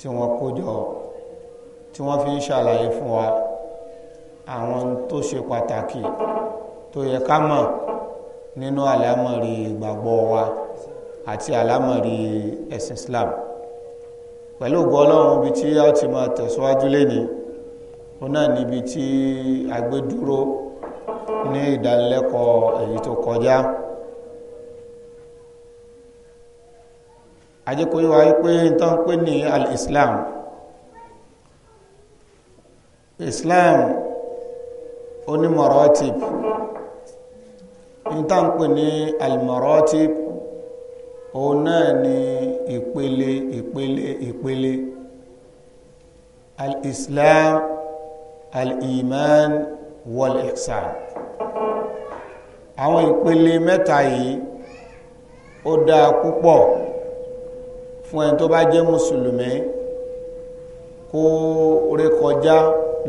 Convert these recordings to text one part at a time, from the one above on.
tí wọ́n kó jọ tí wọ́n fi ń ṣàlàyé fún wa àwọn tó ṣe pàtàkì tó yẹ ká mọ̀ nínú àlámọ̀rí ìgbàgbọ́ wa àti àlámọ̀rí ẹ̀sìn Islam pẹ̀lú ògbọ́ ọlọ́run ibi tí a ti máa tẹ̀síwájú lénìí òun náà níbi tí a ní ìdánilẹ́kọ̀ọ́ èyí tó kọjá. E àjẹkọ̀yé wa wípé tó ń pè ní al-islam islam onímọ̀rọ́tìb ní tó ń pè ní al-mọ̀rọ́tìb òun náà ni ìpele ìpele ìpele al-islam al-iman àwọn ìpele mẹ́ta yìí ó dáa púpọ̀ fún ẹni tó bá jẹ́ mùsùlùmí kó rékọjá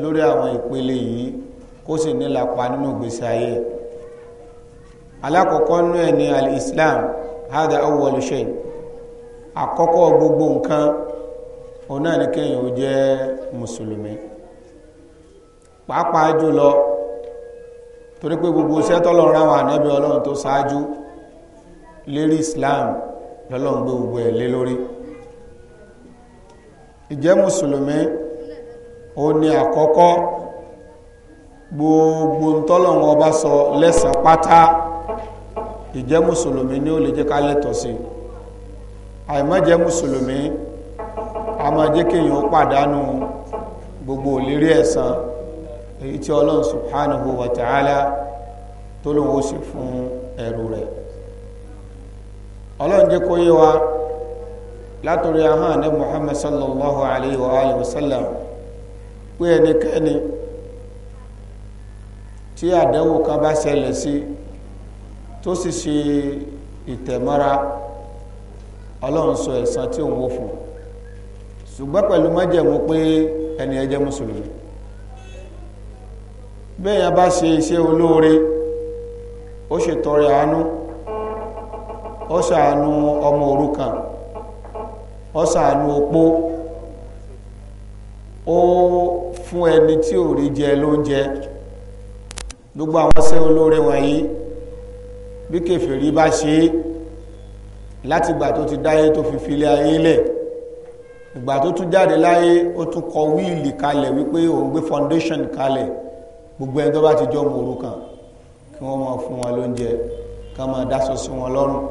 lórí àwọn ìpele yìí kó sì nílapa nínú ìgbésí ayé alákọ̀ọ́kọ́ nú ẹ̀ ní al-islam hada awwal shay àkọ́kọ́ gbogbo nǹkan òun náà ní kéèyàn ó jẹ́ mùsùlùmí pàápàá jùlọ torí pé gbogbo iṣẹ́ tọ́lọ́run ráwọn ànábì ọlọ́run tó ṣáájú lérí islam lọ́lọ́run gbé gbogbo ẹ̀ lé lórí. ìjẹ́ mùsùlùmí ó ní àkọ́kọ́ gbogbo ntọ́lọ̀wọ́ ọba sọ lẹ́sàn pátá ìjẹ́ mùsùlùmí ní ó lè jẹ́ ká lẹ́tọ̀ sí àìmọ́jẹ́ mùsùlùmí a máa gbogbo òlérí ẹ̀san èyí tí ọlọ́run subhanahu wa ta'ala tó ó sì fún ẹrù rẹ̀ ọlọ́run látòrí ahọ́n ànábì muhammed sallallahu alayhi wa alayhi wa sallam pé ẹnikẹ́ni tí àdánwò kan bá ṣẹlẹ̀ sí tó sì ṣe ìtẹ̀mọ́ra ọlọ́run sọ ẹ̀san tí òun wò fún ṣùgbọ́n pẹ̀lú májẹ̀mú pé ẹni ẹ mùsùlùmí bẹ́ẹ̀ yẹn bá ṣe iṣẹ́ olóore ó àánú ó ọ̀sàánú opó ó fún ẹni tí ò rí jẹ lóúnjẹ gbogbo àwọn ṣẹ́ olóore wọ̀nyí bí kèfèrí bá ṣe é láti ìgbà tó ti dáyé tó fi filé ayé lẹ̀ ìgbà tó tún jáde láyé ó tún kọ wíìlì kalẹ̀ wípé òun gbé foundation kalẹ̀ gbogbo ẹni tó bá ti jọ mòrukàn kí wọ́n máa fún wọn lóúnjẹ ká máa dáṣọ sí wọn lọ́rùn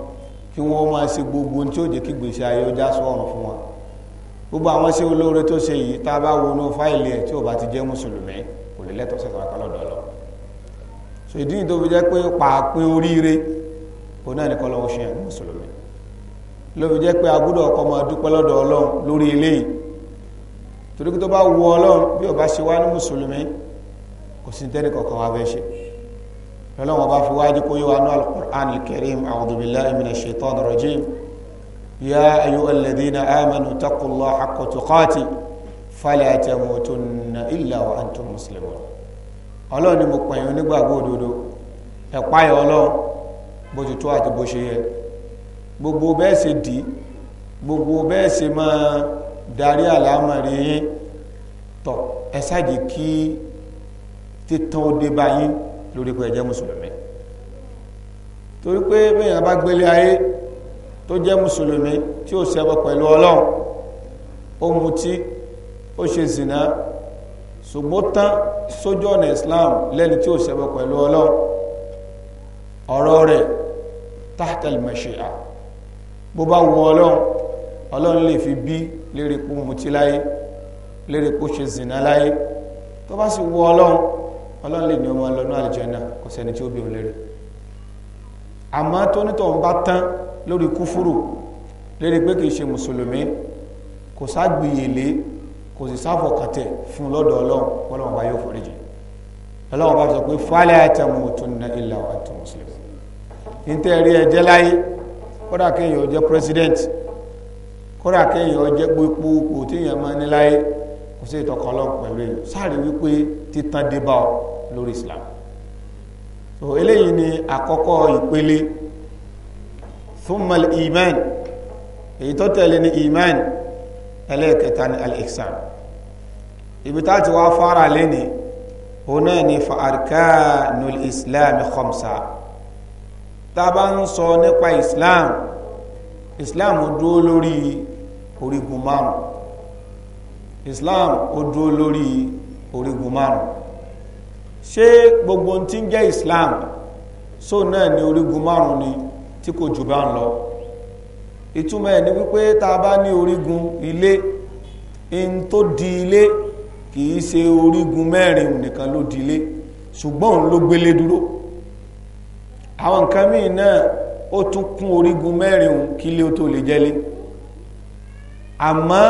kí wọ́n máa ṣe gbogbo tí ó jẹ́ kí gbèsè ayé ọjà sọ̀rọ̀ fún wọn gbogbo àwọn ṣe olóore tó ṣe yìí tá a bá wọnú fáìlì ẹ̀ tí ò bá ti jẹ́ mùsùlùmí kò lè lẹ́tọ̀ọ́ sẹ̀tọ̀ akọ́lọ́dọ̀ lọ so ìdí tó fi jẹ́ pé pàápín oríire kò náà nìkan lọ́wọ́ ṣe yàn mùsùlùmí ló fi jẹ́ pé agúdọ̀ ọkọ̀ máa dúpẹ́ lọ́dọ̀ ọlọ́run lórí eléyìí torí kí tó bá wù ọlọ́run bí ó bá ṣe wá ní mùsùlùmí kò sí tẹ́nì kọ̀ọ̀kan wá fẹ́ ṣe lọ́lọ́wọ́n bá fi wájú kó yíwa ní al-Qur'an al-Karim a'udhu billahi minash shaitani rajim ya ayyuhal ladhina amanu taqullaha haqqa tuqati fala tamutunna illa wa antum muslimun ọlọ́run ni mo pẹ̀yìn onígbàgbọ́ òdodo ẹ̀páyọ̀ ọlọ́run bó ti tó àti bó ṣe yẹ gbogbo bẹ́ẹ̀ ṣe dì í gbogbo bẹ́ẹ̀ ṣe máa darí àlámọ̀rí yín tọ̀ ẹ kí títàn ó dé bá lórí pé ẹ jẹ́ mùsùlùmí torí pé bẹ́yàn bá gbélé ayé tó jẹ́ mùsùlùmí tí ó ṣẹbọ pẹ̀lú ọlọ́run ó mutí ó ṣe zìnà ṣùgbọ́n tán sójú ọ̀nà islam lẹ́ni tí ó ṣẹbọ pẹ̀lú ọlọ́run ọ̀rọ̀ rẹ̀ tahtal mashi'a bó bá wù ọlọ́run ọlọ́run lè fi bí lérí pé ó mutí láyé lérí pé ó ṣe zìnà láyé tó bá sì wù ọlọ́run ọlọ́run lè ní ọmọ lọ́nà àlìjẹ́nà kò sẹ́ni tí ó bí òun lérè àmọ́ tó nítọ̀ ń bá tán lórí kúfúrù lérí pé kìí ṣe mùsùlùmí kò ságbìyèlé kò sì sáfọ̀kàtẹ̀ fún lọ́dọ̀ ọlọ́run ọlọ́run bá yóò foríjì ọlọ́run bá sọ pé fálẹ̀ àtẹmùtúnna illa wa antum muslimun níta rí ẹjẹ́ láyé kódà kéèyàn jẹ́ president kódà kéèyàn jẹ́ gbogbo ipò téèyàn máa ní láyé sí ìtọ́kọ ọlọ́run pẹ̀lú èyí sáàrí wípé títàn débá ọ lórí islam so eléyìí ni àkọ́kọ́ ìpele thummal iman èyí tó tẹ̀lé ni iman ẹlẹ́ẹ̀kẹta ni al-ihsan ibi tá ti wá fara lẹ́ni òun náà ni fa arkanul islam khamsa tá bá ń sọ nípa islam islam dúró lórí orígun márùn-ún islam ó dúró lórí orígun márùn ṣé gbogbo ohun tí ń jẹ́ islam so náà ní orígun márùn ni tí kò jù bá ń lọ ìtumọ̀ ẹ̀ ni wípé tá a bá ní orígun ilé in tó di ilé kìí ṣe orígun mẹ́rin nìkan ló di ilé ṣùgbọ́n òun ló gbélé dúró àwọn nǹkan míì náà ó tún kún orígun mẹ́rin òun ó tó lè jẹ́lé àmọ́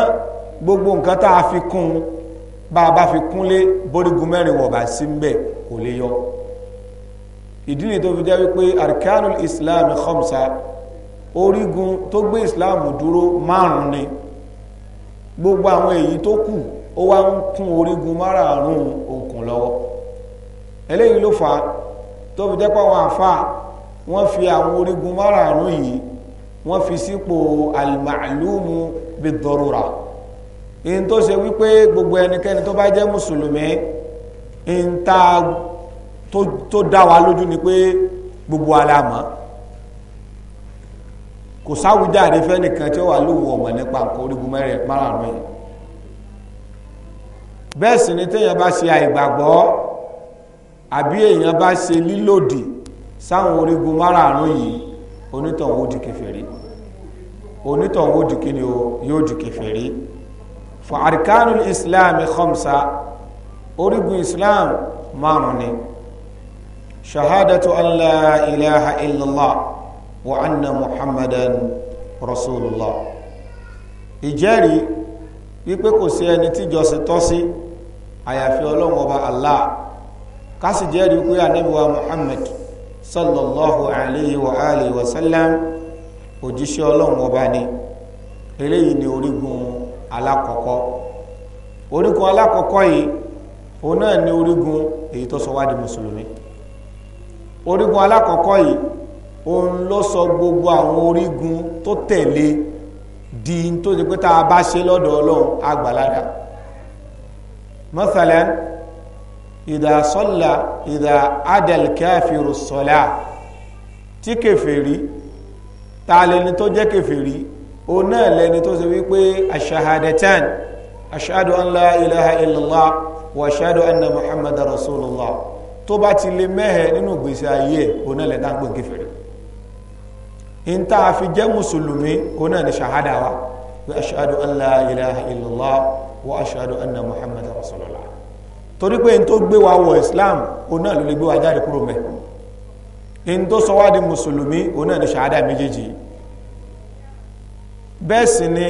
gbogbo nǹkan tá a fi kún bá a bá fi kúnlé bórígun mẹ́rin wọ̀ bá sí mbẹ̀ kò lè yọ ìdí ni tó fi jẹ́ wípé arkanul islam khamsa orígun tó gbé islam dúró márùn ni gbogbo àwọn èyí tó kù ó wá ń kún orígun márààrún òkun lọ́wọ́ eléyìí ló fà á tó fi jẹ́ pé àwọn àfáà wọ́n fi àwọn orígun márààrún yìí wọ́n fi sípò al-ma'lumu bid in tó ṣe wípé gbogbo ẹnikẹ́ni tó bá jẹ́ mùsùlùmí in ta tó dá wa lójú ni pé gbogbo aláàmọ́ kò sáwùjáde fẹ́nìkan tí ó wà lóòwò ọmọ nípa nǹkan orígun mẹ́rin márùn-ún yìí bẹ́ẹ̀ sì ni téèyàn bá ṣe àìgbàgbọ́ àbí èèyàn bá ṣe lílòdì sáwọn orígun márùn-ún yìí onítọ̀hún ó di kèfèrí onítọ̀hún ó di kíni o yóò di kèfèrí fún àríkánul islam khamsa orígun islam márùn ni shahadatu an la ilaha illallah wa anna muhammadan rasulullah ìjẹ́rìí wípé kò sí ẹni tí jọ́sìn tọ́ sí àyàfi ọlọ́run ọba allah ká sì jẹ́rìí pé ànábìwá muhammad sallallahu alayhi wa alihi wa sallam òjíṣẹ́ ọlọ́run ọba ni eléyìí ni orígun alákọ̀ọ́kọ́ orígun alákọ̀ọ́kọ́ yìí òun náà ni orígun èyí tó sọ wá di mùsùlùmí orígun alákọ̀ọ́kọ́ yìí òun ló sọ gbogbo àwọn orígun tó tẹ̀lé di tó ti pé tá a bá ṣe lọ́dọ̀ ọlọ́run àgbàládà mọ́sálẹ́ ìdá sọ́là ìdá adẹ̀lkẹ́fìrù sọ́là tí kèfèrí ta lẹni tó jẹ́ kèfèrí o náà lẹni tó ṣe wípé ashahadatan ashadu an la ilaha illallah wa ashadu anna muhammadu rasulullah tó bá ti lè mẹ́hẹ̀ nínú gbèsè ayé o náà lẹ́ta ń pè kèfèrí in ta fi jẹ́ mùsùlùmí o náà ni shahada wa wa ashadu an la ilaha illallah wa ashadu anna muhammadu rasulullah torí pé in tó gbé wa wọ islam o náà ló lè gbé wa jáde kúrò mẹ́ in tó sọ wá di mùsùlùmí o náà ni shahada méjèèjì yìí bẹ́ẹ̀ sì ni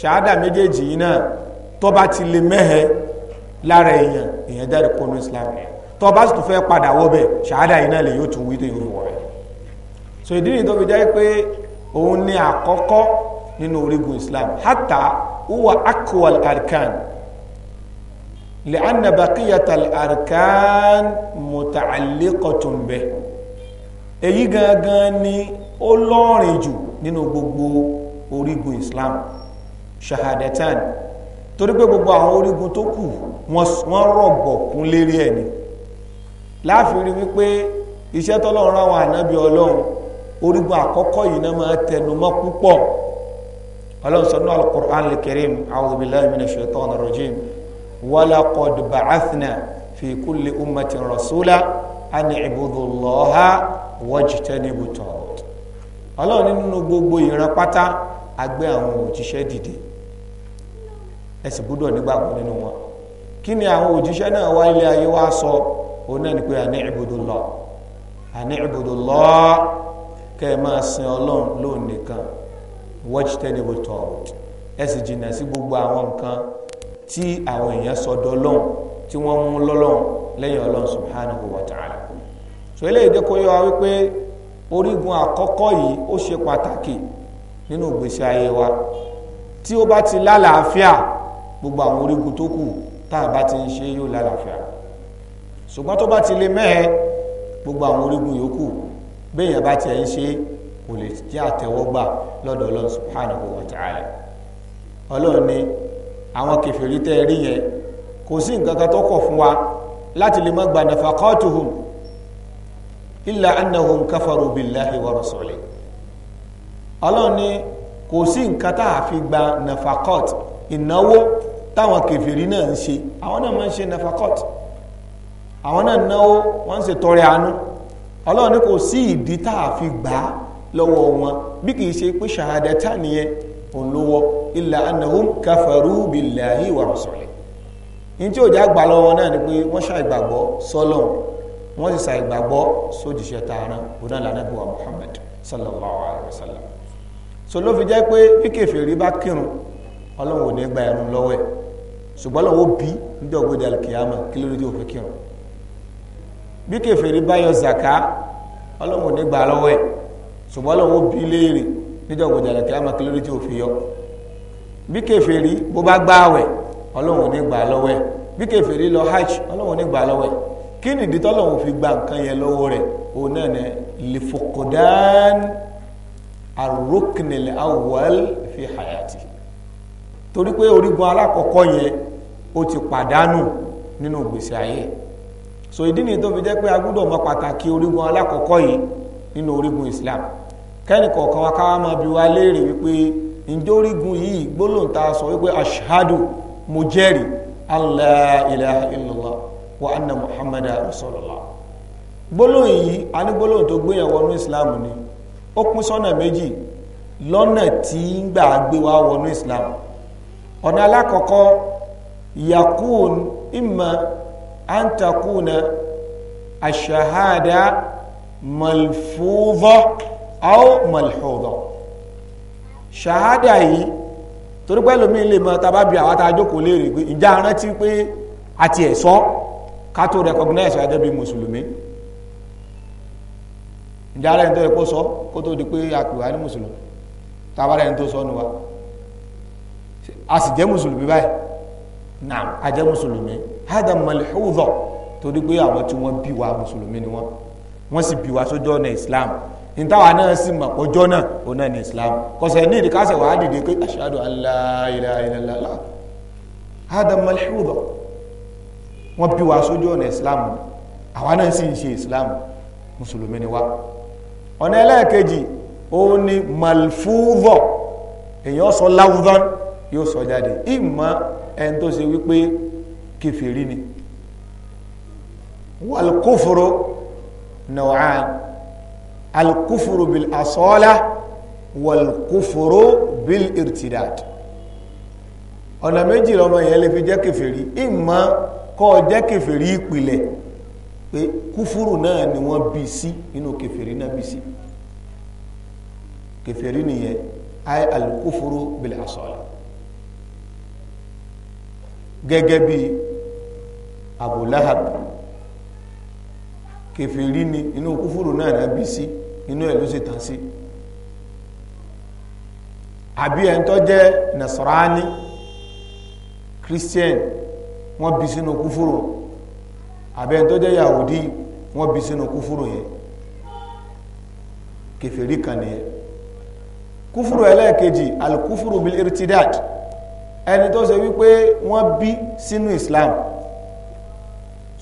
ṣàádà méjèèjì yìí náà tó bá ti lè mẹ́hẹ lára èèyàn èèyàn jáde kó nu islam tó bá sì tún fẹ́ padà wọ́bẹ̀ ṣàádà yìí náà lè yóò tún wí tó wọ̀ rẹ̀ so ìdí nìyí tó fi jẹ́ pé òun ni àkọ́kọ́ nínú orígun islam hatta huwa akwal arkan لأن بقية الأركان متعلقة به èyí gangan ni ó lọ́rìn jù nínú gbogbo orígun islam shahadatan torí pé gbogbo àwọn orígun tó kù wọ́n rọ̀gbọ̀ kún lérí ẹ̀ ni láàfin rí wípé iṣẹ́ tọ́lọ́run ráwọn ànábì ọlọ́run orígun àkọ́kọ́ yìí náà máa tẹnu mọ́ púpọ̀ ọlọ́run sọ náà al-Qur'an al-Karim a'udhu billahi minash shaitani rajim walaqad ba'athna fi kulli ummatin rasula an i'budu Allaha wajtanibu taghut ọlọ́run nínú gbogbo ìran pátá a gbé àwọn òjíṣẹ́ dìde ẹ sì nígbàgbọ́ nínú wọn kí ni àwọn òjíṣẹ́ náà wá ilé ayé wá sọ òun náà ni pé àní ibudullah àní ibudullah kẹ́ ẹ máa sin ọlọ́run lóun nìkan wajtanibu taghut ẹ sì jìnnà sí gbogbo àwọn nǹkan tí àwọn èèyàn sọdọ lọ́hùn tí wọ́n mú lọ́lọ́hùn lẹ́yìn ọlọ́run subhanahu wa ta'ala so eléyìí dẹ́kọ̀ yọ wá wípé orígun àkọ́kọ́ yìí ó ṣe pàtàkì nínú ìgbésí ayé wa tí ó bá ti lálàáfíà gbogbo àwọn orígun tó kù tá a bá ti ń ṣe yóò lálàáfíà ṣùgbọ́n tó bá ti lè mẹ́ẹ̀ gbogbo àwọn orígun yòókù béèyàn bá tiẹ̀ ń ṣe kò lè jẹ́ àtẹ́wọ́gbà lọ́dọ̀ ọlọ́run subhanahu wa ta'ala ọlọ́run ni àwọn kèfèrí tẹ́ rí yẹn kò sí nǹkan kan tó kọ̀ fún wa láti lè má gba nafaqatuhum illa annahum kafaru billahi wa rasulihi ọlọ́run ni kò sí nǹkan tá a fi gba nafakot ìnáwó táwọn kèfèrí náà ń ṣe àwọn náà máa ń ṣe nafakot àwọn náà náwó wọ́n ń ṣe tọrẹ àánú ọlọ́run ni kò sí ìdí tá a fi gbà á lọ́wọ́ wọn bí kìí ṣe pé ṣahadata nìyẹn òun ló wọ illa annahum kafaru billahi wa ní tí ò gbà lọ́wọ́ náà ni pé wọ́n ṣàìgbàgbọ́ sọ́lọ́run wọ́n sì ṣàìgbàgbọ́ sójúṣẹ́ tààrà onáàlànàbíwá Muhammad sallallahu alaihi wasallam so fi jẹ́ pé bí kèfèrí bá kírun ọlọ́run ò ní gba ẹ̀rùn lọ́wọ́ ẹ̀ ṣùgbọ́n lọ́wọ́ bí nídọ̀gbọ́dẹ kí ló dé bá yọ zaka ọlọ́run ò gba lọ́wọ́ ẹ̀ ṣùgbọ́n lọ́wọ́ bí léèrè kí ló dé òfin yọ bí kèfèrí bó bá gba lọ́wọ́ ẹ̀ bí kèfèrí lọ hajj ọlọ́run gba lọ́wọ́ ẹ̀ kí nìdí tọ́lọ́run fi gba nǹkan yẹn lọ́wọ́ aruknil awwal fi hayati torí pé orígun alákọ̀ọ́kọ́ yẹn ó ti pàdánù nínú ìgbésí ayé so ìdí nìyí tó fi jẹ́ pé a gbọ́dọ̀ mọ pàtàkì orígun alákọ̀ọ́kọ́ yìí nínú orígun Islam kẹ́nìkọ̀ọ̀kan wa káwá máa bi wá léèrè wípé ǹjẹ́ orígun yìí gbólóhùn tá a sọ wípé ashhadu mo jẹ́rìí allah ilaha illallah wa anna muhammadu rasulullah gbólóhùn yìí a ní gbólóhùn tó gbéyàwó ní Islam ni ó kún sọ́nà méjì lọ́nà tí ń gbà gbé wá wọnú islam ọ̀nà alákọ̀ọ́kọ́ yakun imma an takuna ashahada malfúdọ́ aw malhúdọ́ ṣahada yìí torí pé ẹlòmíì lè mọ̀ tàbá bí àwọn àtàjókòó lè rí pé ìjà rántí pé àti ẹ̀sọ́ ká tó recognize ẹ̀sọ́ bí mùsùlùmí ǹjẹ́ ara ẹni tó yẹ kó sọ di pé àpèwà ní mùsùlùmí tábàrà ẹni tó sọ nu wa a sì jẹ́ mùsùlùmí báyìí naam a jẹ́ mùsùlùmí hada malhudọ torí pé àwọn tí wọ́n bí wa mùsùlùmí ni wọ́n wọ́n sì bí wa sójú ọ̀nà islam nítawà náà sì mọ̀ ọjọ́ náà òun náà ní islam kọsẹ̀ ní ìdíkásẹ̀ wàá dìde pé ashadu an la ilaha illallah hada malhudọ wọ́n bí wa sójú ọ̀nà islam àwa náà si ń ṣe islam mùsùlùmí ni wa ọ̀nà ẹlẹ́ẹ̀kejì òun ni malfúvọ̀ èyàn sọ láwùdán yóò sọ jáde ìmọ̀ ẹni tó ṣe wípé kèfèrí ni walkúfúrú naw'an alkúfúrú bil asọ́lá walkúfúrú bil irtidad ọ̀nà méjì lọ́mọ yẹn lè fi jẹ́ kèfèrí ìmọ̀ kó jẹ́ kèfèrí ìpìlẹ̀ pé kúfúrù náà ni wọ́n bí sí inú kẹfẹ̀rí náà bí sí kẹfẹ̀rí nìyẹn ayé alukúfúrú bìlẹ̀ àsọ̀lá gẹ́gẹ́ bí Abu Lahab kẹfẹ̀rí ni inú kúfúrù náà náà bí sí inú ẹ̀ ló sì tàn sí àbí ẹ̀ ń tọ́ jẹ́ nasarani christian wọ́n bí sínú kúfúrù àbẹ́ tó jẹ́ yahudi wọ́n bí sínú kúfúrú yẹn kèfèrí kan ni yẹn kúfúrú ẹlẹ́ẹ̀kejì alkúfúrú bil irtidad ẹni tó ṣe wípé wọ́n bí sínú islam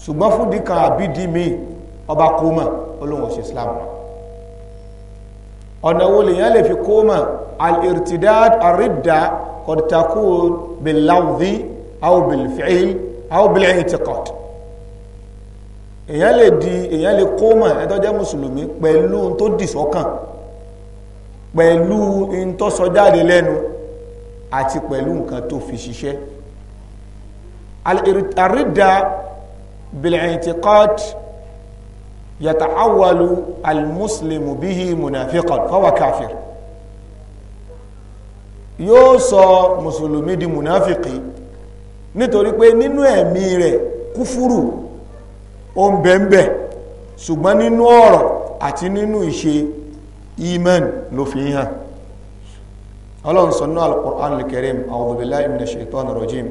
ṣùgbọ́n fún dìkan àbídí mi ọba kóma olóhùn ṣe islam ọ̀nà wo lèyàn lè fi kóma al-irtidad ar-ridda qad takun bil lafzi aw bil fi'l aw èyàn lè di èyàn lè kó mọ̀ ẹ tó jẹ́ mùsùlùmí pẹ̀lú tó dì sọ́kàn pẹ̀lú in tó sọ jáde lẹ́nu àti pẹ̀lú nǹkan tó fi ṣiṣẹ́ àrídà bil-i'tiqad yata'awwalu al-muslimu bihi munafiqan fawa kafir yóò sọ mùsùlùmí di munafiki nítorí pé nínú ẹ̀mí rẹ̀ kúfúrù ó ń bẹ ń bẹ ṣùgbọ́n nínú ọ̀rọ̀ àti nínú ìṣe iman ló fi hàn ọlọ́run sọ nínú al-Qur'an al-Karim a'udhu billahi minash shaitani rajim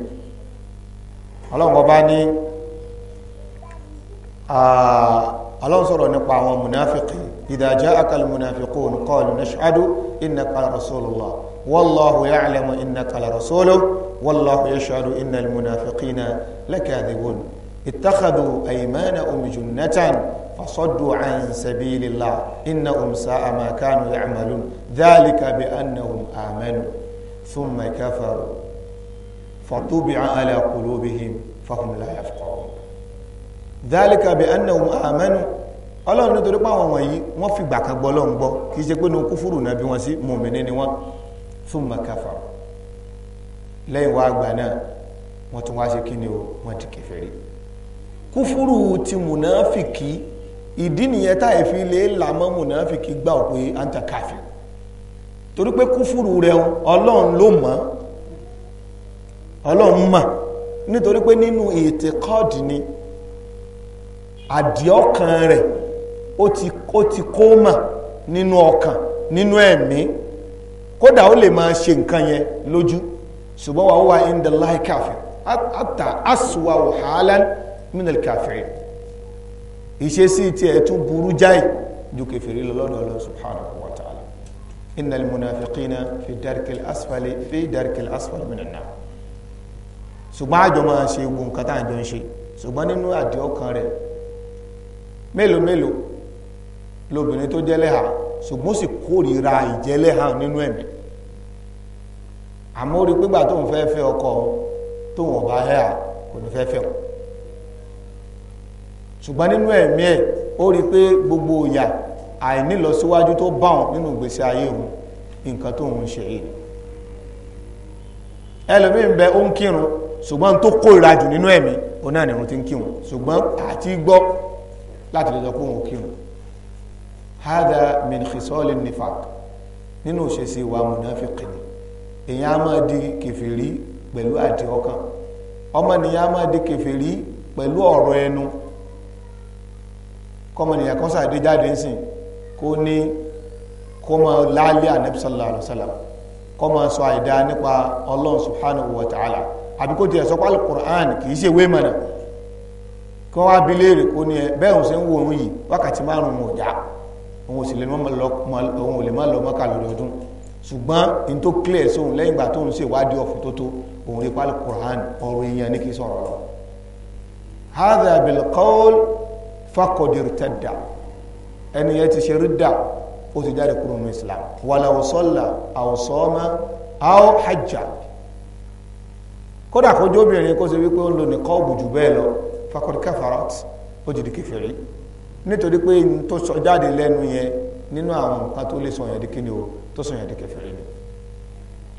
ọlọ́run ọba ní ọlọ́run sọ̀rọ̀ nípa àwọn munafiki idha ja'aka al-munafiqun qalu nashhadu innaka la rasulullah wallahu ya'lamu innaka la rasuluhu wallahu yashhadu innal munafiqina lakadhibun اتخذوا أيمانهم جنة فصدوا عن سبيل الله إنهم ساء ما كانوا يعملون ذلك بأنهم آمنوا ثم كفروا فطبع على قلوبهم فهم لا يفقهون ذلك بأنهم آمنوا ọlọ́run nítorí pé àwọn wọ̀nyí wọ́n fi gbà kan gbọ́ lọ́n gbọ́ kìí ṣe pé ní kúfúrù náà bí wọ́n sí mùmìnì ni wọ́n thumma kafaru lẹ́yìn wá àgbà náà wọ́n tún wá ṣe kí o wọ́n ti kèfèrí kúfúrú ti mùnáfìkì ìdí nìyẹn táyẹ̀ fi lè làmọ́ mùnáfìkì gbà ò pé torí pé kúfúrú rẹ̀ ọlọ́run ló mọ̀ ọlọ́run mọ̀ nítorí pé nínú ètè kọ́ọ̀dì ni àdìọ́kan rẹ̀ ó ti ó ti kó mà nínú ọkàn nínú ẹ̀mí kódà ó lè máa ṣe nǹkan yẹn lójú ṣùgbọ́n wà ó wà minal kafirin ìṣesí tiẹ̀ tún burú jáì ju kèfèrí lọ́dọ̀ Allah subhanahu wa ta'ala innal munafiqina fi darkil asfali fi darkil asfali minan nar ṣùgbọ́n àjọ máa ṣe gbogbo nǹkan tá à ń jọ ń ṣe ṣùgbọ́n nínú àdìẹ ọkàn rẹ̀ mélòó mélòó lóbìnrin tó jẹ́lẹ́hà ṣùgbọ́n sì kórìíra ìjẹ́lẹ́hà nínú ẹ̀mí àmọ́ orí pígbà tóun fẹ́ fẹ́ ọkọ tóun ọba hẹ́à kò ní fẹ́ fẹ́ wọn ṣùgbọ́n nínú ẹ̀mí ẹ̀ ó rí pé gbogbo ìyà àìnílọsíwájú tó bá wọn nínú ìgbésí ayé òun nǹkan tó ń ṣe yìí ẹlòmí ń bẹ ó ń kírun ṣùgbọ́n tó kó ìrajù nínú ẹ̀mí ó náà nìrun ti ń kírun ṣùgbọ́n àti gbọ́ láti lè sọ pé òun kírun hada min khisal nifaq nínú òṣèṣe wa munafiqin èyàn á máa di kèfèrí pẹ̀lú àdìọkàn ọmọnìyàn á máa di kèfèrí pẹ̀lú ọ̀rọ̀ ẹnu kọmọnìyàn kan sàdé jáde ńsìn kó ní kó mọ láàlẹ́ ànábì sallallahu alaihi wasallam kó mọ sọ àìdá nípa ọlọ́run subhanahu wa ta'ala àbí kó tiẹ̀ sọ pé alukur'an kì í ṣe wé mọ̀nà kí wọ́n wá bi léèrè kó ní ẹ bẹ́ẹ̀ òun ṣe ń wo òun yìí wákàtí márùn-ún ọ̀já òun ò sì lè má lọ mọ́kà lọ́dọọdún ṣùgbọ́n in fakọ̀dìrì tẹ́dà ẹni yẹn ti ṣe rídà ó ti jáde kúrò ní islam wàlà òsọ́là àwòsọ́ọ́mà àwọ̀ hajjá kódà kójú obìnrin kó ṣe wípé ó ń lo nìkan òbùjù bẹ́ẹ̀ lọ fakọ̀dì kafarat ó ti di kèfèrí nítorí pé n tó sọ jáde lẹ́nu yẹn nínú àwọn nǹkan tó lè sọyàn di kíni o tó sọyàn di kèfèrí ni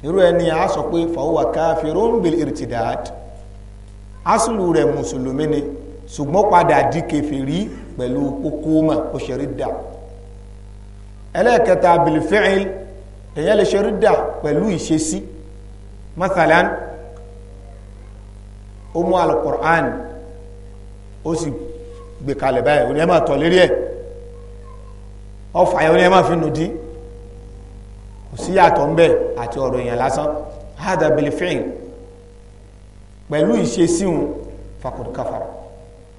irú ẹni a sọ pé fàwọn wà káfírun bil irtidad asùlù rẹ̀ mùsùlùmí ni ṣùgbọ́n padà di kèfèrí pẹ̀lú kókó mà kó ṣe rídà ẹlẹ́ẹ̀kẹta bilifẹ́il èyàn lè ṣe rídà pẹ̀lú ìṣesí masalan ó mú alukur'an ó sì gbé kalẹ̀ báyìí ó ní ẹ máa tọ̀ lérí ẹ̀ ọfà yẹn ó fi nù dín kò sí yàtọ̀ ń bẹ̀ àti ọ̀rọ̀ èèyàn lásán hada bilifẹ́il pẹ̀lú ìṣesí wọn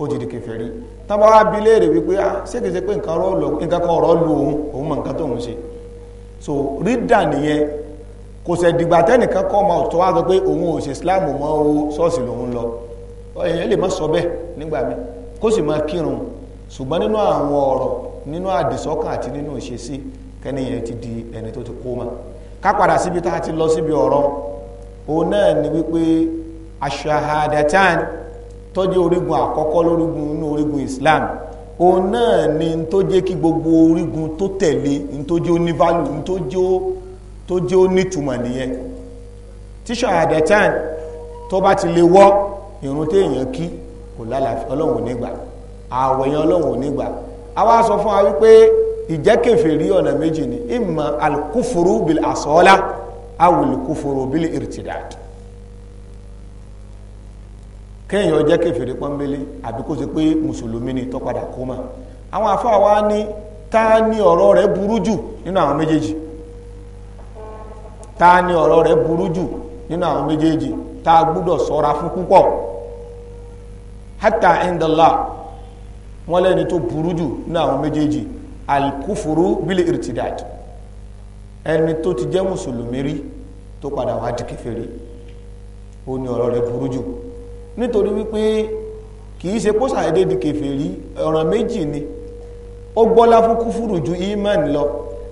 ó ti di kèfèrí tábà wá bi léèrè wípé ah ṣégeṣe pé nǹkan kan ọ̀rọ̀ lu òun òun mọ nǹkan tóun ṣe so rídà nìyẹn kò sẹ̀ dìgbà tẹ́nìkan kọ́ ọmọ ọ̀tọ́ wá sọ pé òun ò ṣe islam mọ́ owó ṣọ́ọ̀ṣì lòun lọ èèyàn lè má sọ bẹ́ẹ̀ nígbà mi kó sì máa kírun ṣùgbọ́n nínú àwọn ọ̀rọ̀ nínú àdìsọ́kàn àti nínú ìṣesí kẹ́nìyàn ti di ẹni tó ti kó mà ká padà síbi tá a ti lọ síbi ọ̀rọ̀ òun náà ni wípé aṣahadatan tó jẹ́ orígun àkọ́kọ́ lórígun inú orígun Islam òun náà ni n tó jẹ́ kí gbogbo orígun tó tẹ̀lé n tó jẹ́ ní n tó jẹ́ tó nìyẹn tí ṣàdẹ̀tàn tó bá ti lè wọ́ ìrun téèyàn kí kò lálàáfíà ọlọ́run ò ní gbà àwẹ̀ yẹn ọlọ́run ò ní gbà a wá sọ fún wa wípé ìjẹ́kẹfẹ̀rí ọ̀nà méjì ni ìmọ̀ alkúfòrò bíi àsọ́ọ́lá awìlkúfòrò bíi irtidad kéèyàn jẹ́ kèfèrí pọ́nbélé àbí kó ṣe pé mùsùlùmí ni tó kó mà àwọn ta ni ọ̀rọ̀ rẹ̀ burú jù nínú àwọn méjèèjì ta ni ọ̀rọ̀ rẹ̀ burú jù nínú àwọn méjèèjì ta gbúdọ̀ sọ́ra fún púpọ̀ hatta indala wọ́n lẹ́ni tó burú jù nínú àwọn méjèèjì alkufuru bílẹ̀ irtidad ẹni tó ti jẹ́ mùsùlùmí rí tó padà wá di kèfèrí ó ní ọ̀rọ̀ nítorí wípé kìí ṣe kó sàdédé di kèfèrí ọ̀ràn méjì ni ó gbọ́lá fún kúfúrù ju iman lọ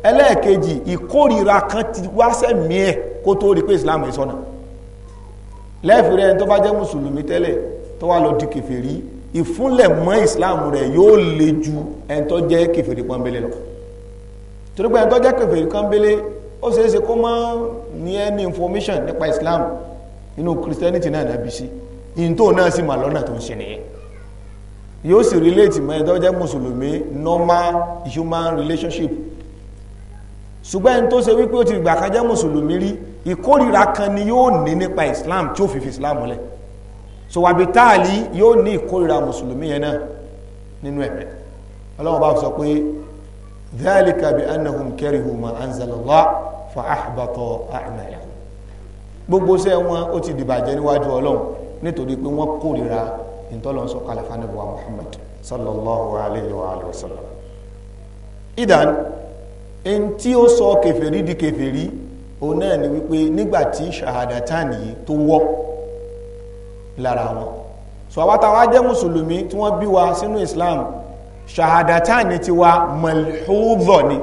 ẹlẹ́ẹ̀kejì ìkórìíra kan ti wá sẹ́mí ẹ̀ kó tó rí pé islam ẹ̀ sọ́nà lẹ́ẹ̀fìrẹ́ ẹni tó bá jẹ́ mùsùlùmí tẹ́lẹ̀ tó wá lọ di kèfèrí ìfúnlẹ̀ mọ́ islam rẹ̀ yóò le ju ẹni tó jẹ́ kèfèrí pọ́nbélé lọ torí pé ẹni tó jẹ́ kèfèrí pọ́nbélé ó ṣeéṣe kó má ní ẹni information nípa islam nínú christianity náà nàbí sí in tó náà sì mà lọ́nà tó ń ṣe nìyẹn yóò sì relate mọ́ ẹ̀tọ́ jẹ́ mùsùlùmí normal human relationship ṣùgbọ́n ẹni tó ṣe wípé ó ti gbà kan jẹ́ mùsùlùmí rí ìkórìíra kan ni yóò ní nípa Islam tí ó fi fi Islam lẹ̀ so wàbí táàlì yóò ní ìkórìíra mùsùlùmí yẹn náà nínú ẹ̀mẹ́ ọlọ́run bá sọ pé dhalika bi annahum karihu ma anzalallah fa ahbata a'malahum gbogbo ṣẹ́ ó ti dìbàjẹ́ níwájú ọlọ́run nítorí pé wọ́n kórìíra ìtọ́lọ́nsọ kàlàfánàbùwà Muhammad sallallahu alayhi wa alayhi wa sallam idan in tí ó sọ kèfèrí di kèfèrí o náà ni wípé nígbàtí ṣahadatani yìí tó wọ́ lára wọn so àwátawa jẹ́ mùsùlùmí tí wọ́n bí wa sínú Islam ṣahadatani ti wa malhúdọ̀ ni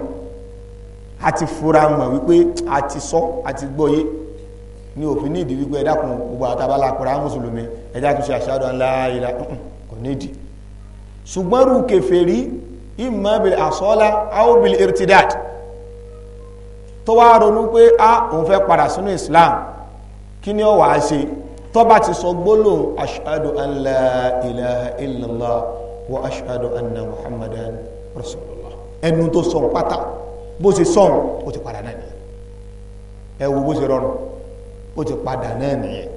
a ti fura mọ̀ wípé a ti sọ a ti gbọ́yé so, ní òfin ní ìdí wípé ẹ̀dá kun gbogbo àtàbálà pẹ̀lú mùsùlùmí ẹ̀dá tó ṣe àṣàdọ̀ ńlá ìlà kò nídìí ṣùgbọ́n rú kèfèrí ìmọ̀ bil àsọ́lá aw bil irtidad tó wá ronú pé a òun fẹ́ padà sínú Islam kí ni ó wà á ṣe tó bá ti sọ gbólóhùn ashhadu an la ilaha illallah wa ashhadu anna muhammadan rasulullah ẹnu ó ti padà náà nìyẹn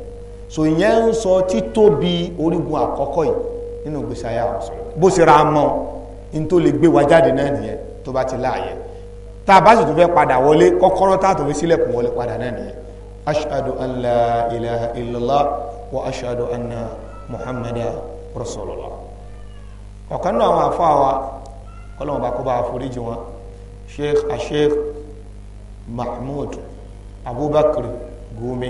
so ìyẹn ń sọ títóbi orígun àkọ́kọ́ yìí nínú ìgbésí ayé àwọn bó ṣe ra mọ́ ní tó lè gbé wa jáde náà nìyẹn tó bá ti láàyè tá a bá sì tún fẹ́ padà wọlé kọ́kọ́rọ́ tá a tó fi sílẹ̀kùn wọlé padà náà nìyẹn ashadu an la ilaha illallah wa anna muhammadan rasulullah ọ̀kan náà àwọn àfáà wa kọ́lọ́wọ́n bá kó bá foríjì wọn sheikh asheikh mahmud abubakar Gumi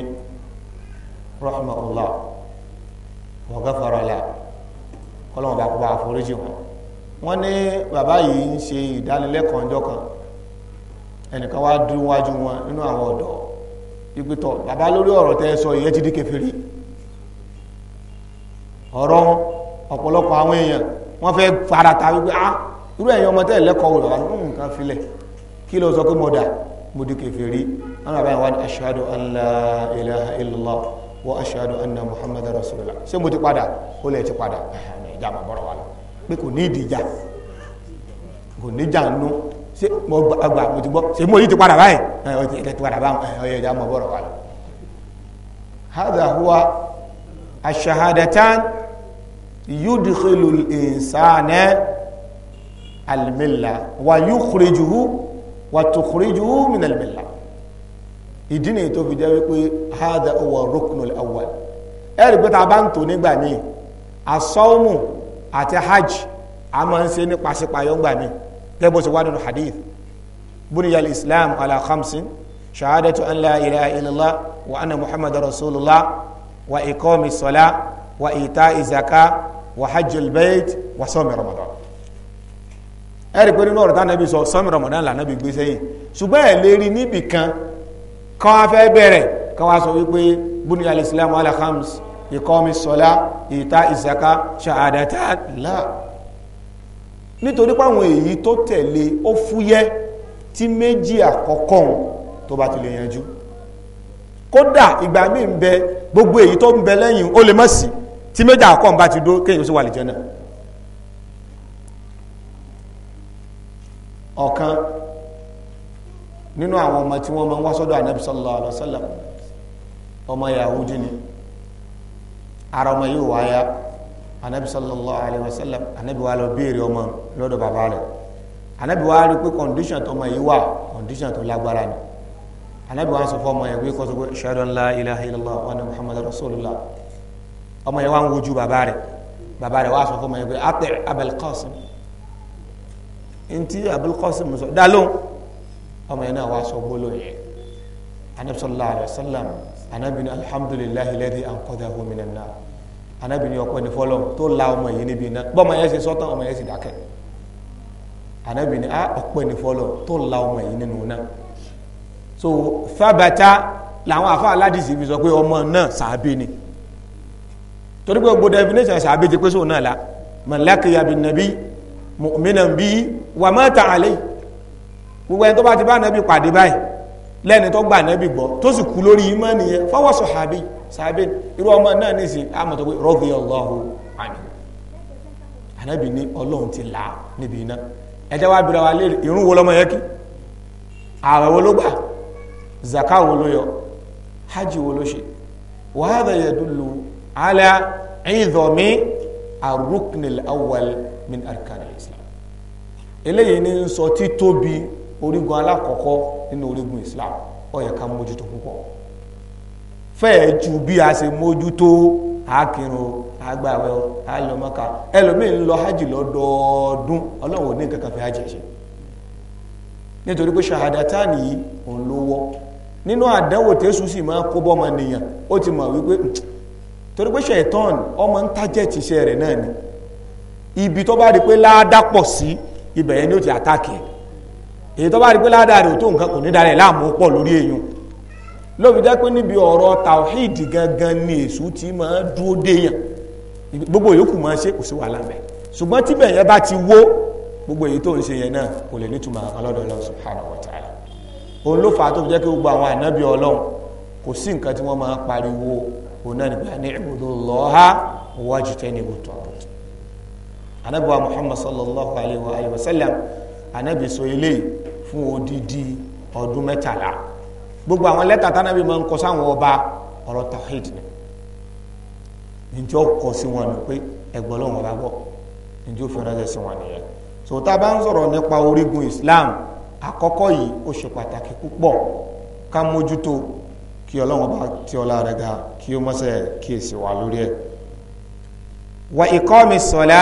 rahmanullah wa ghafara la kọ́lọ́mọba kó bá àforíjì wọn wọ́n ní bàbá yìí ń ṣe ìdánilẹ́kọ̀ọ́ ọjọ́ kan ẹnìkan wá dúró wájú wọn nínú àwọn ọ̀dọ́ ìpìtọ̀ bàbá lórí ọ̀rọ̀ tẹ́ sọ ìyẹn ti di kèfèrí ọ̀rọ̀ ọ̀pọ̀lọpọ̀ àwọn èèyàn wọ́n fẹ́ farata wípé ah irú ẹ̀yin ọmọ tẹ́lẹ̀ lẹ́kọ̀ọ́ wò lọ́wọ́ nǹkan filẹ̀ kí ló sọ pé mo dà mo di kèfèrí أنا بيان أشهد أن لا إله إلا الله وأشهد أن محمد رسول الله سمو تقعدا هو ليه تقعدا جامع بروالا بيكو نيدي جا بيكو نيدي جا نو سي مو أبا أبا مو تبو سي مو يتي قعدا باي هاي جامع بروالا هذا هو الشهادتان يدخل الإنسان الملة ويخرجه وتخرجه من الملة ìdí nìyí tó fi jẹ́ wípé hada huwa ruknul awwal ẹ̀rí pé tá a bá ń tò nígbà míì asọ́ọ̀mù àti hajj a máa ń ṣe ní pàṣípàyọ́ ńgbà míì gẹ́gẹ́ bó ṣe wá nínú hadith buniyal islam ala khamsin shahadatu an la ilaha illallah wa anna muhammad rasulullah wa ikomi sola wa ita izaka wa hajjul bayt wa sọmi ramadan ẹ̀rí pé nínú ọ̀rọ̀ tá nàbí sọ sọmi ramadan là nàbí gbé sẹ́yìn ṣùgbọ́n ẹ̀ lérí níbì kan kan wá fẹ́ bẹ̀rẹ̀ kan wá sọ wípé buni al-islam ala khams iqami s-salah ita ìsaka ṣahadata la nítorí páwọn èyí tó tẹ̀lé ó fúyẹ́ tí méjì àkọ́kọ́ tó bá ti lè yanjú kódà ìgbà mí ń bẹ gbogbo èyí tó ń bẹ lẹ́yìn ó lè mọ́ sí tí méjì àkọ́kọ́ bá ti dó kéyìn sí wà lè jẹ́ náà ọ̀kan nínú àwọn ọmọ tí wọ́n máa ń wá sọ́dọ̀ anabi sallallahu alaihi wasallam ọmọ yahudi ni ara ọmọ yìí wà ya anabi sallallahu alaihi wasallam anabi wa lọ béèrè ọmọ lọ́dọ̀ bàbá rẹ̀ anabi wa rí pé condition tó ọmọ yìí wà condition tó lágbára ni anabi wa sọ fún ọmọ yẹn pé kó sọ pé ashhadu an la ilaha illallah wa anna ọmọ yẹn wà ń wojú bàbá rẹ̀ bàbá rẹ̀ wà sọ fún ọmọ yẹn pé atẹ abel qasim ntí abel qasim sọ dá ọmọ yẹn náà wá sọ gbólóò yẹn anabi sallallahu alayhi wa sallam anabi ni alhamdulillahi lẹ́dí anqadahu minan nar anabi ni ọ̀pọ̀ ẹnifọ́lọ́ tó la ọmọ yẹn níbi iná bọ́ ọmọ yẹn ṣe sọ́tàn ọmọ yẹn sì dákẹ́ anabi ah, ni ọ̀pọ̀ tó la ọmọ yẹn nínú náà so fábàtà làwọn afa aládìsí fi sọ pé ọmọ náà sàábì ni torí pé gbogbo definition sàábì ti pé sóun náà la man nabi mu'minan bihi wa mata alayhi gbogbo ẹni tó bá ti bá ànábì pàdé báyìí lẹ́ni tó gba ànábì gbọ́ tó sì kú lórí ìmọ̀ nìyẹn fọwọ́ sọ̀hábì sàbẹ̀ irú ọmọ náà nìsín àmọ̀tọ́ pé radiyallahu anhu ànábì ní ọlọ́run ti là níbi iná ẹjẹ́ wá bìrọ̀ wa léèrè irun wo lọ́mọ yẹn kí ààrẹ wo ló gbà zaka wo ló yọ hajj wo ló ṣe wa hadha yadullu ala idhami ar-rukn al-awwal min eléyìí ní sọ títóbi orígun alákọ̀ọ́kọ́ nínú orígun Islam ọ̀yẹ̀ ká mójútó púpọ̀ fẹ́ẹ̀ ju bí a ṣe mójútó àákìrún lọ hajj lọ́dọọdún ọlọ́run ní hajj ṣe nítorí pé nìyí òun ló wọ́ nínú àdánwò tẹ́sù sì máa kó bọ́ ọmọ nìyàn ó ti mọ̀ wípé torí pé ṣẹ̀tọ́n ọmọ ń tájẹ̀tì iṣẹ́ ni ibi tó bá rí pé ládàpọ̀ sí ni ó ti àtàkì èyí tó bá rí pé ládàá rẹ̀ tó nǹkan kò ní darẹ̀ láàmú pọ̀ lórí èèyàn lóbi jẹ́ pé níbi ọ̀rọ̀ tàwíìdì gangan ni èṣù ti máa dúró déyàn gbogbo yòókù máa ṣe kò sí wàhálà bẹ́ẹ̀ ṣùgbọ́n tíbẹ̀ yẹn bá ti wó gbogbo èyí tó ń ṣe yẹn náà kò lè nítumọ̀ ọlọ́dọ̀ ọlọ́run subhanahu wa ta'ala òun ló fà á tó fi jẹ́ kí gbogbo àwọn ànábì ọlọ́run kò sí nǹkan tí wọ́n máa pariwo òun náà nígbà anabi sọ eléyìí fún odidi ọdún mẹ́tàlá gbogbo àwọn lẹ́tà tánàbí máa ń kọ sáwọn ọba ọ̀rọ̀ tawhid ni njẹ́ ó kọ sí wọn ni pé ẹgbọ́n lọ́wọ́ bá gbọ́ njẹ́ ó fi ránṣẹ́ sí wọn nìyẹn sòtá bá ń sọ̀rọ̀ nípa orígun Islam àkọ́kọ́ yìí ó ṣe pàtàkì púpọ̀ ká mójútó kí ọlọ́wọ́n bá tí ọlá rẹ̀ ga kí ó mọ́sẹ̀ kíyèsí wa lórí ẹ̀ wa ìkọ́ mi sọ̀lá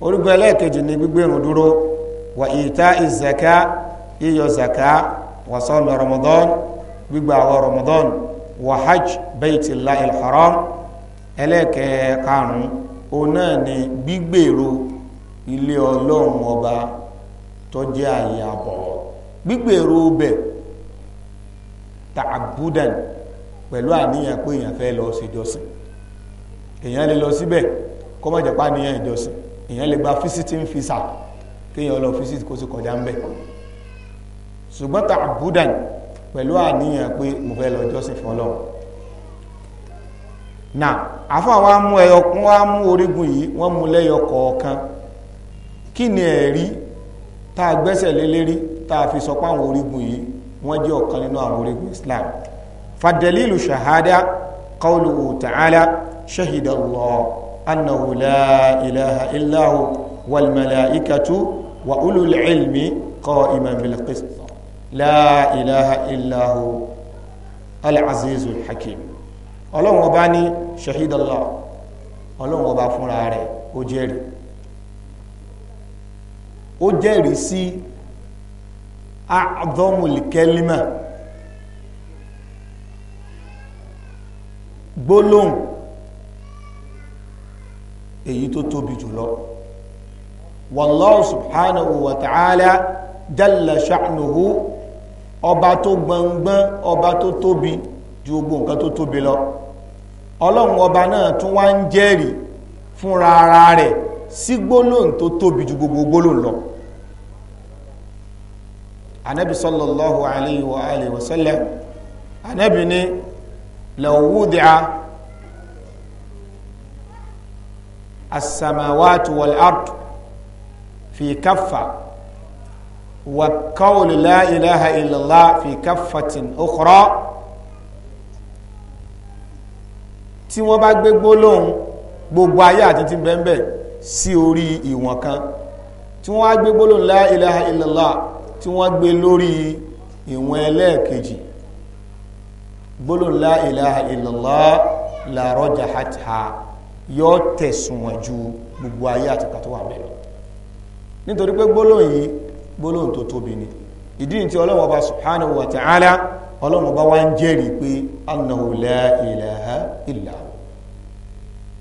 orígun ẹlẹ́ẹ̀kejì ni gbígbérun dúró وإيتاء الزكاة zaka زكاة zaka رمضان sawmi رمضان وحج بيت الله الحرام hajj baytillahi alharam ẹlẹ́ẹ̀kẹ́ẹ̀karùn-ún الله مبا ni gbígbèrò ilé ọlọ́run ọba tó jẹ́ àyè àbọ̀ gbígbèrò bẹ̀ ta'abudan pẹ̀lú àníyàn pé èèyàn fẹ́ lọ sí ìjọsìn èèyàn lè lọ síbẹ̀ kó má ìjọsìn èèyàn lè gba visiting visa kéèyàn lọ fíṣítì kó sì kọjá ń bẹ̀ ṣùgbọ́n ta budan pẹ̀lú àníyàn pé mo fẹ́ lọ jọ́sìn fún ọlọ́run na àfọ́ àwọn amú ẹyọ kún wá mú orígun yìí wọ́n mú lẹ́yọ kọ̀ọ̀kan kí ni ẹ̀rí tá a gbẹ́sẹ̀ lé lérí tá a fi sọ pé àwọn orígun yìí wọ́n jẹ́ ọ̀kan nínú àwọn orígun Islam fadalilu shahada qawluhu ta'ala shahida Allah annahu la ilaha illahu wal malaikatu wa ulul ilmi qa'iman bil qist la ilaha illa hu al-azizul hakim ọlọ́run ọba ní shahidallah ọlọ́run ọba fúnra rẹ̀ ó jẹ́rìí ó jẹ́rìí sí a'dhamul kalima gbólóhùn èyí tó tóbi jùlọ wallahu subhanahu wa ta'ala jalla sha'nuhu ọba tó gbọngbọ́n ọba tó tóbi ju gbogbo nǹkan tó tóbi lọ ọlọ́run ọba náà tún wá ń jẹ́rìí fúnra ara rẹ̀ sí gbólóhùn tó tóbi ju gbogbo gbólóhùn lọ anabi sallallahu alayhi wa alayhi wa sallam anabi ni lawudia asamawatu wal ardu في كفة، wa لا إله إلا الله في كفة أخرى. tí wọ́n bá gbé gbólóhùn gbogbo ayé àti ti bẹ́ẹ̀ sí orí ìwọ̀n kan tí wọ́n á gbé gbólóhùn la ilaha illallah tí wọ́n gbé lórí ìwọ̀n ẹlẹ́ẹ̀kejì gbólóhùn la ilaha illallah la yóò tẹ̀sùn wọn ju gbogbo ayé àti kàtó wà bẹ̀rẹ̀ nítorí pé gbólóhùn yìí gbólóhùn tó tóbi ni ìdí tí ọlọ́run ọba subhanahu wa ta'ala ọlọ́run ọba wa ń jẹ́rìí pé annahu la ilaha illa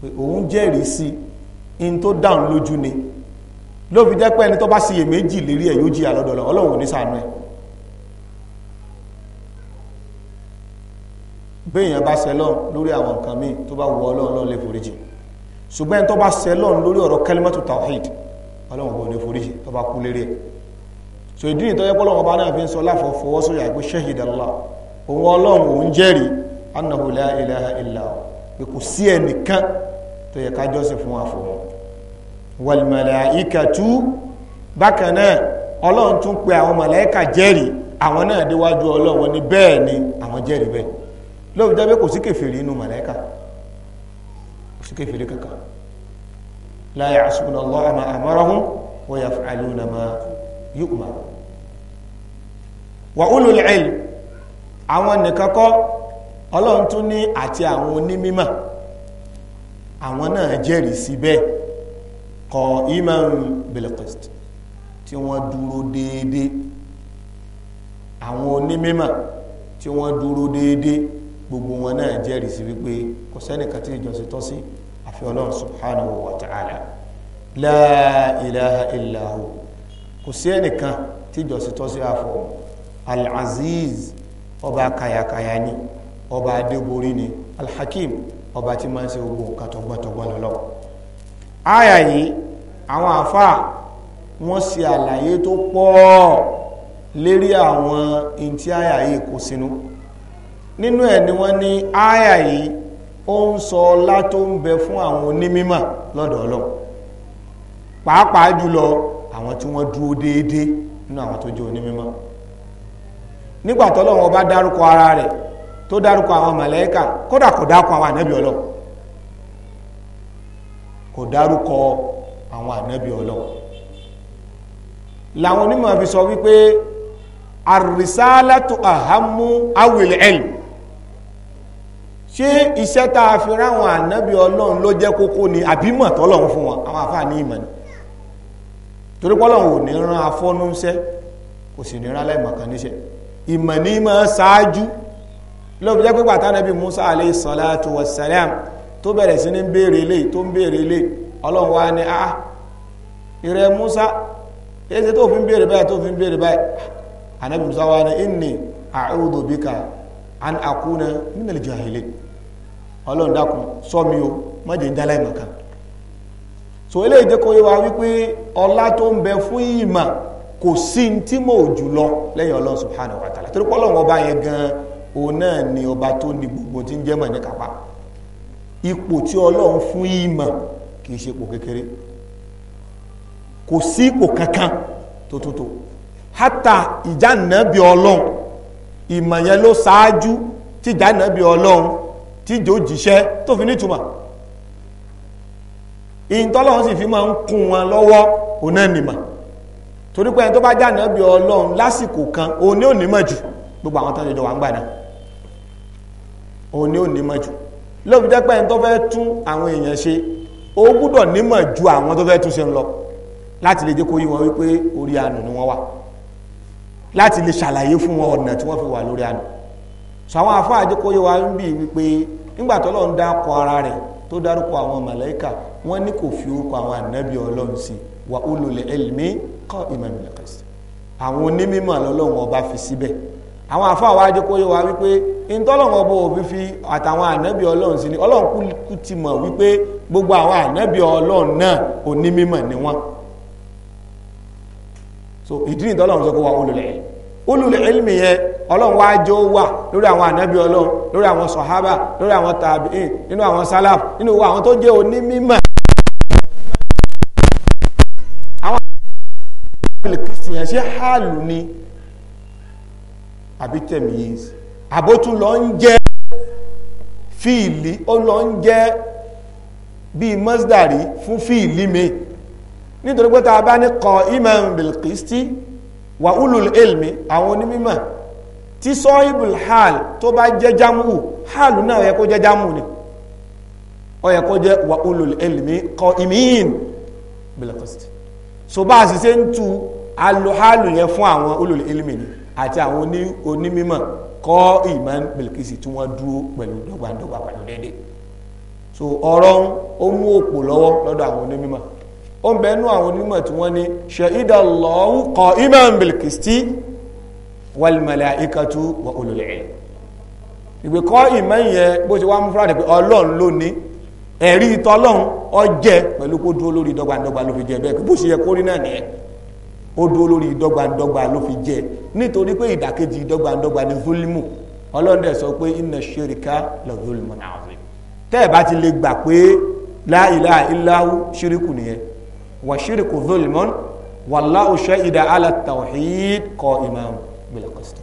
pé òun jẹ́rìí sí in tó dáhùn lójú ni ló fi jẹ́ pé ẹni tó bá síye méjì lérí ẹ̀ yóò jìyà lọ́dọ̀ ọlọ́run ò ní ṣàánú béèyàn bá sẹlọ́n lórí àwọn nǹkan míì tó bá wọ ọlọ́run lè foríjì ṣùgbọ́n tó bá sẹlọ́n lórí ọ̀rọ̀ kalimatu tawhid ọlọ́run kò ní foríjì tó bá kú lérí ẹ̀ so ìdí ìtọ́jẹ́ pọ́lọ́run ọba náà fi ń sọ láfọ̀ fọwọ́sọ̀yà pé shahid Allah òun ọlọ́run òun jẹ́rìí annahu la ilaha illa pé kò sí ẹnìkan tó yẹ ká jọ́sìn fún àfọ̀hún wal malaikatu bákan náà ọlọ́run tún pe àwọn màláíkà jẹ́rìí àwọn náà déwájú ọlọ́run ní bẹ́ẹ̀ ni àwọn jẹ́rìí bẹ́ẹ̀ lóòótọ́ pé kò sí kèfèrí inú màláíkà kò sí kèfèrí kankan لا يعصون الله ما أمرهم ويفعلون ما ma yu'maru wa ulul ilm àwọn nìkan kọ́ ọlọ́run tún ní àti àwọn onímímọ̀ àwọn náà jẹ́rìí sí bẹ́ẹ̀ kọ iman bil qist tí wọ́n dúró déédé àwọn onímímọ̀ tí wọ́n dúró déédé gbogbo wọn náà jẹ́rìí sí wípé kò sẹ́nìkan tí ìjọsìn tọ́ sí àfi ọlọ́run subhanahu wa ta'ala la ilaha illa hu kò sí ẹnìkan tí ìjọsìn tọ́ sí àfọ al-aziz ọba kayakaya ni ọba adébórí ni al-hakim ọba tí máa ń ṣe gbogbo nǹkan tọgbọ́ntọgbọ́n lọ́lọ́ àyà yìí àwọn àfáà wọ́n ṣe àlàyé tó pọ̀ lérí àwọn in tí yìí kó sínú nínú ẹ̀ wọ́n ní àyà yìí ó ń sọ ọlá tó ń bẹ fún àwọn onímímọ̀ lọ́dọ̀ Ọlọ́run pàápàá jùlọ àwọn tí wọ́n dúró déédé nínú àwọn tó jẹ́ onímímọ̀ nígbà tọ́lọ́run bá dárúkọ ara rẹ̀ tó dárúkọ àwọn màláíkà kódà kò dákọ àwọn ànábì Ọlọ́run kò dárúkọ àwọn ànábì Ọlọ́run làwọn onímọ̀ fi sọ wípé àhámú awìlẹ̀ ṣé iṣẹ́ tá a fi ráwọn ànábì ọlọ́run ló ni àbímọ̀ tọ́lọ́run fún wọn àwọn àfáà ìmọ̀ ni torí pọ́lọ́run ò ní ran afọ́nú ńṣẹ́ kò sì ní rálẹ̀ mọ̀kan níṣẹ́ ìmọ̀ ní mọ̀ ṣáájú jẹ́ pípa Musa alayhi salatu wassalam tó bẹ̀rẹ̀ sí ní béèrè ilé tó ń béèrè ilé ọlọ́run wá ní ah Musa èsì tó fi ń béèrè báyìí tó fi ń béèrè báyìí na Musa wá ní an ọlọ́run dákun sọ́mi o mọ́jẹ̀ ń dá láì màkà so eléyìí jẹ́ kó yé wa wípé ọlá tó ń bẹ fún ìmọ̀ kò sí tí mò jùlọ lẹ́yìn ọlọ́run subhanahu wa ta'ala torí pọ́lọ́run ọba yẹn gan òun náà ni ọba tó ní gbogbo tí ń jẹ́ mọ̀ ní kápá ipò tí ọlọ́run fún ìmọ̀ kì í ṣe ipò kékeré kò sí ipò kankan tó tó tó hátà ìjánà bí ọlọ́run ìmọ̀ yẹn ló ṣáájú tí ìjánà bí ọlọ́run tíjò jíṣẹ́ tó fi nítumọ̀ ìntọ́lọ́run sì fi máa ń kún wọn lọ́wọ́ òun náà nìmọ̀ torí pé ẹni tó bá jáde náà bí ọlọ́run lásìkò kan òun ní òní mọ̀ gbogbo àwọn tán jọjọ wà ń gbà náà òun ní òní mọ̀ lóòfin jẹ́ pé ẹni tó fẹ́ tún àwọn èèyàn ṣe ó gbúdọ̀ nímọ̀ ju àwọn tó fẹ́ tún ṣe ń lọ láti lè jẹ́ kó yí wọn wípé orí àánú ni wọ́n wà láti lè ṣàlàyé fún wọn ọ̀nà tí wọ́n fi wà lórí àánú sàwọn afọ jẹ́ kó ń bì wípé nígbà tó lọ́n dá kọ ara rẹ̀ tó dárúkọ àwọn màláíkà wọ́n ní kò fi orúkọ àwọn ànábì ọlọ́run sí wà ulul ilmi àwọn onímọ̀ lọ́lọ́run ọba fi síbẹ̀ àwọn afọ wípé ntọ́lọ́run ọba òbí fi àtàwọn ànábì ọlọ́run sí ni ọlọ́run kú ti mọ̀ wípé gbogbo àwọn ànábì ọlọ́run náà onímọ̀ ni wọ́n so ìdí sọ ọlọ́run wá jó wà lórí àwọn ànábì ọlọ́run lórí àwọn sọ̀hábà lórí àwọn tàbíìn nínú àwọn sálàf nínú àwọn tó jẹ́ onímímọ̀ àwọn kìrìsìyàn ṣe hàlù ni àbí tẹ̀míyìí àbótún lọ ń jẹ́ fíìlì ó lọ ń jẹ́ bíi mọ́sídàrí fún fíìlì mi nítorí pé tá a bá ní kọ iman bilkisti wa ulul ilmi àwọn onímímọ̀ tí sọ́hìbùl hàl tó bá jẹ́ jámù hàlù náà ọ̀yẹ́ kó jẹ́ jámù ni ọ̀yẹ́ kó jẹ́ wà ulul ilmi qa'imin bil qist so bá a sì ṣe ń tu alo hàlù yẹn fún àwọn ulul ilmi ni àti àwọn onímọ̀ qa'iman bil qist tí wọ́n dúró pẹ̀lú dọ́gbàdọ́gbà pẹ̀lú dédé so ọ̀rọ̀ ó mú òpò lọ́wọ́ lọ́dọ̀ àwọn onímọ̀ ó ń bẹ́ẹ̀ nú àwọn onímọ̀ tí wọ́n ní shahidallahu qa'iman bil wal malaikatu wa ulul ilm ìgbè kọ́ ìmọ̀ yẹn bó ṣe wá mú fúlàdì pé ọlọ́run ló ní ẹ̀rí ìtọ́lọ́run ọjẹ́ pẹ̀lú kó dúró lórí dọ́gbandọ́gba ló fi jẹ bẹ́ẹ̀ bó ṣe yẹ kó náà nìyẹn ó dúró lórí dọ́gbandọ́gba ló fi jẹ nítorí pé ìdàkejì dọ́gbandọ́gba ni zulimu ọlọ́run dẹ̀ sọ pé inna shirika la zulmun azim tẹ́ ẹ̀ bá ti lè gbà pé la ilaha ṣíríkù nìyẹn wà ṣíríkù zulmun wallahu shahida ala tawhid qa'iman bila qasd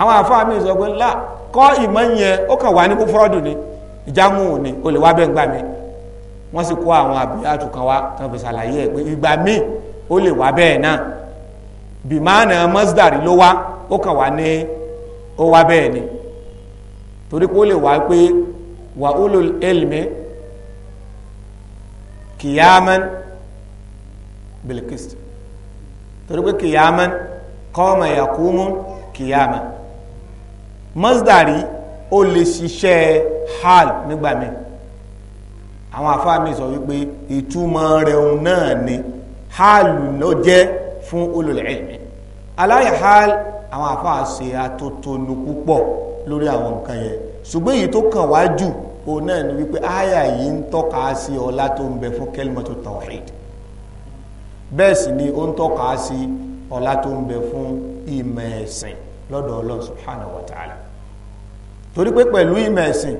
àwọn àfáà mi sọ pé ńlá kọ́ ìmọ̀ yẹn ó kàn wá ní kó fúrọ́dù ni ìjámù ni o lè wá bẹ́ẹ̀ gbà mí wọ́n sì kó àwọn àbíyàtú kan wá kan fi ṣàlàyé ẹ̀ pé ìgbà míì ó lè wá bẹ́ẹ̀ náà bìmánà mọ́sídàrí ló wá ó kàn wá ní ó wá bẹ́ẹ̀ ni torí pé ó lè wá pé wà ulul ilmi kìyàmán bilqist torí pé kìyàmán kọ́ọ̀mà yakumu kìyàmà masdari ó lè ṣiṣẹ́ hal nígbà mi àwọn àfáà mi sọ wípé ìtumọ̀ rẹ̀ náà ni hal ló jẹ́ fún ulul ilmi aláyà hal àwọn àfáà ṣe atótónu púpọ̀ lórí àwọn nǹkan yẹn ṣùgbọ́n èyí tó kàn wá jù o náà ni wípé àyà yìí ń tọ́ka sí ọlá tó ń bẹ fún kẹlmọ́tò tawhid bẹ́ẹ̀ sì ni ó ń tọ́ka sí ọlá bẹ fún ìmọ̀ ẹ̀sìn lọ́dọ̀ Ọlọ́run subhanahu wa ta'ala torí pé pẹ̀lú ẹ̀sìn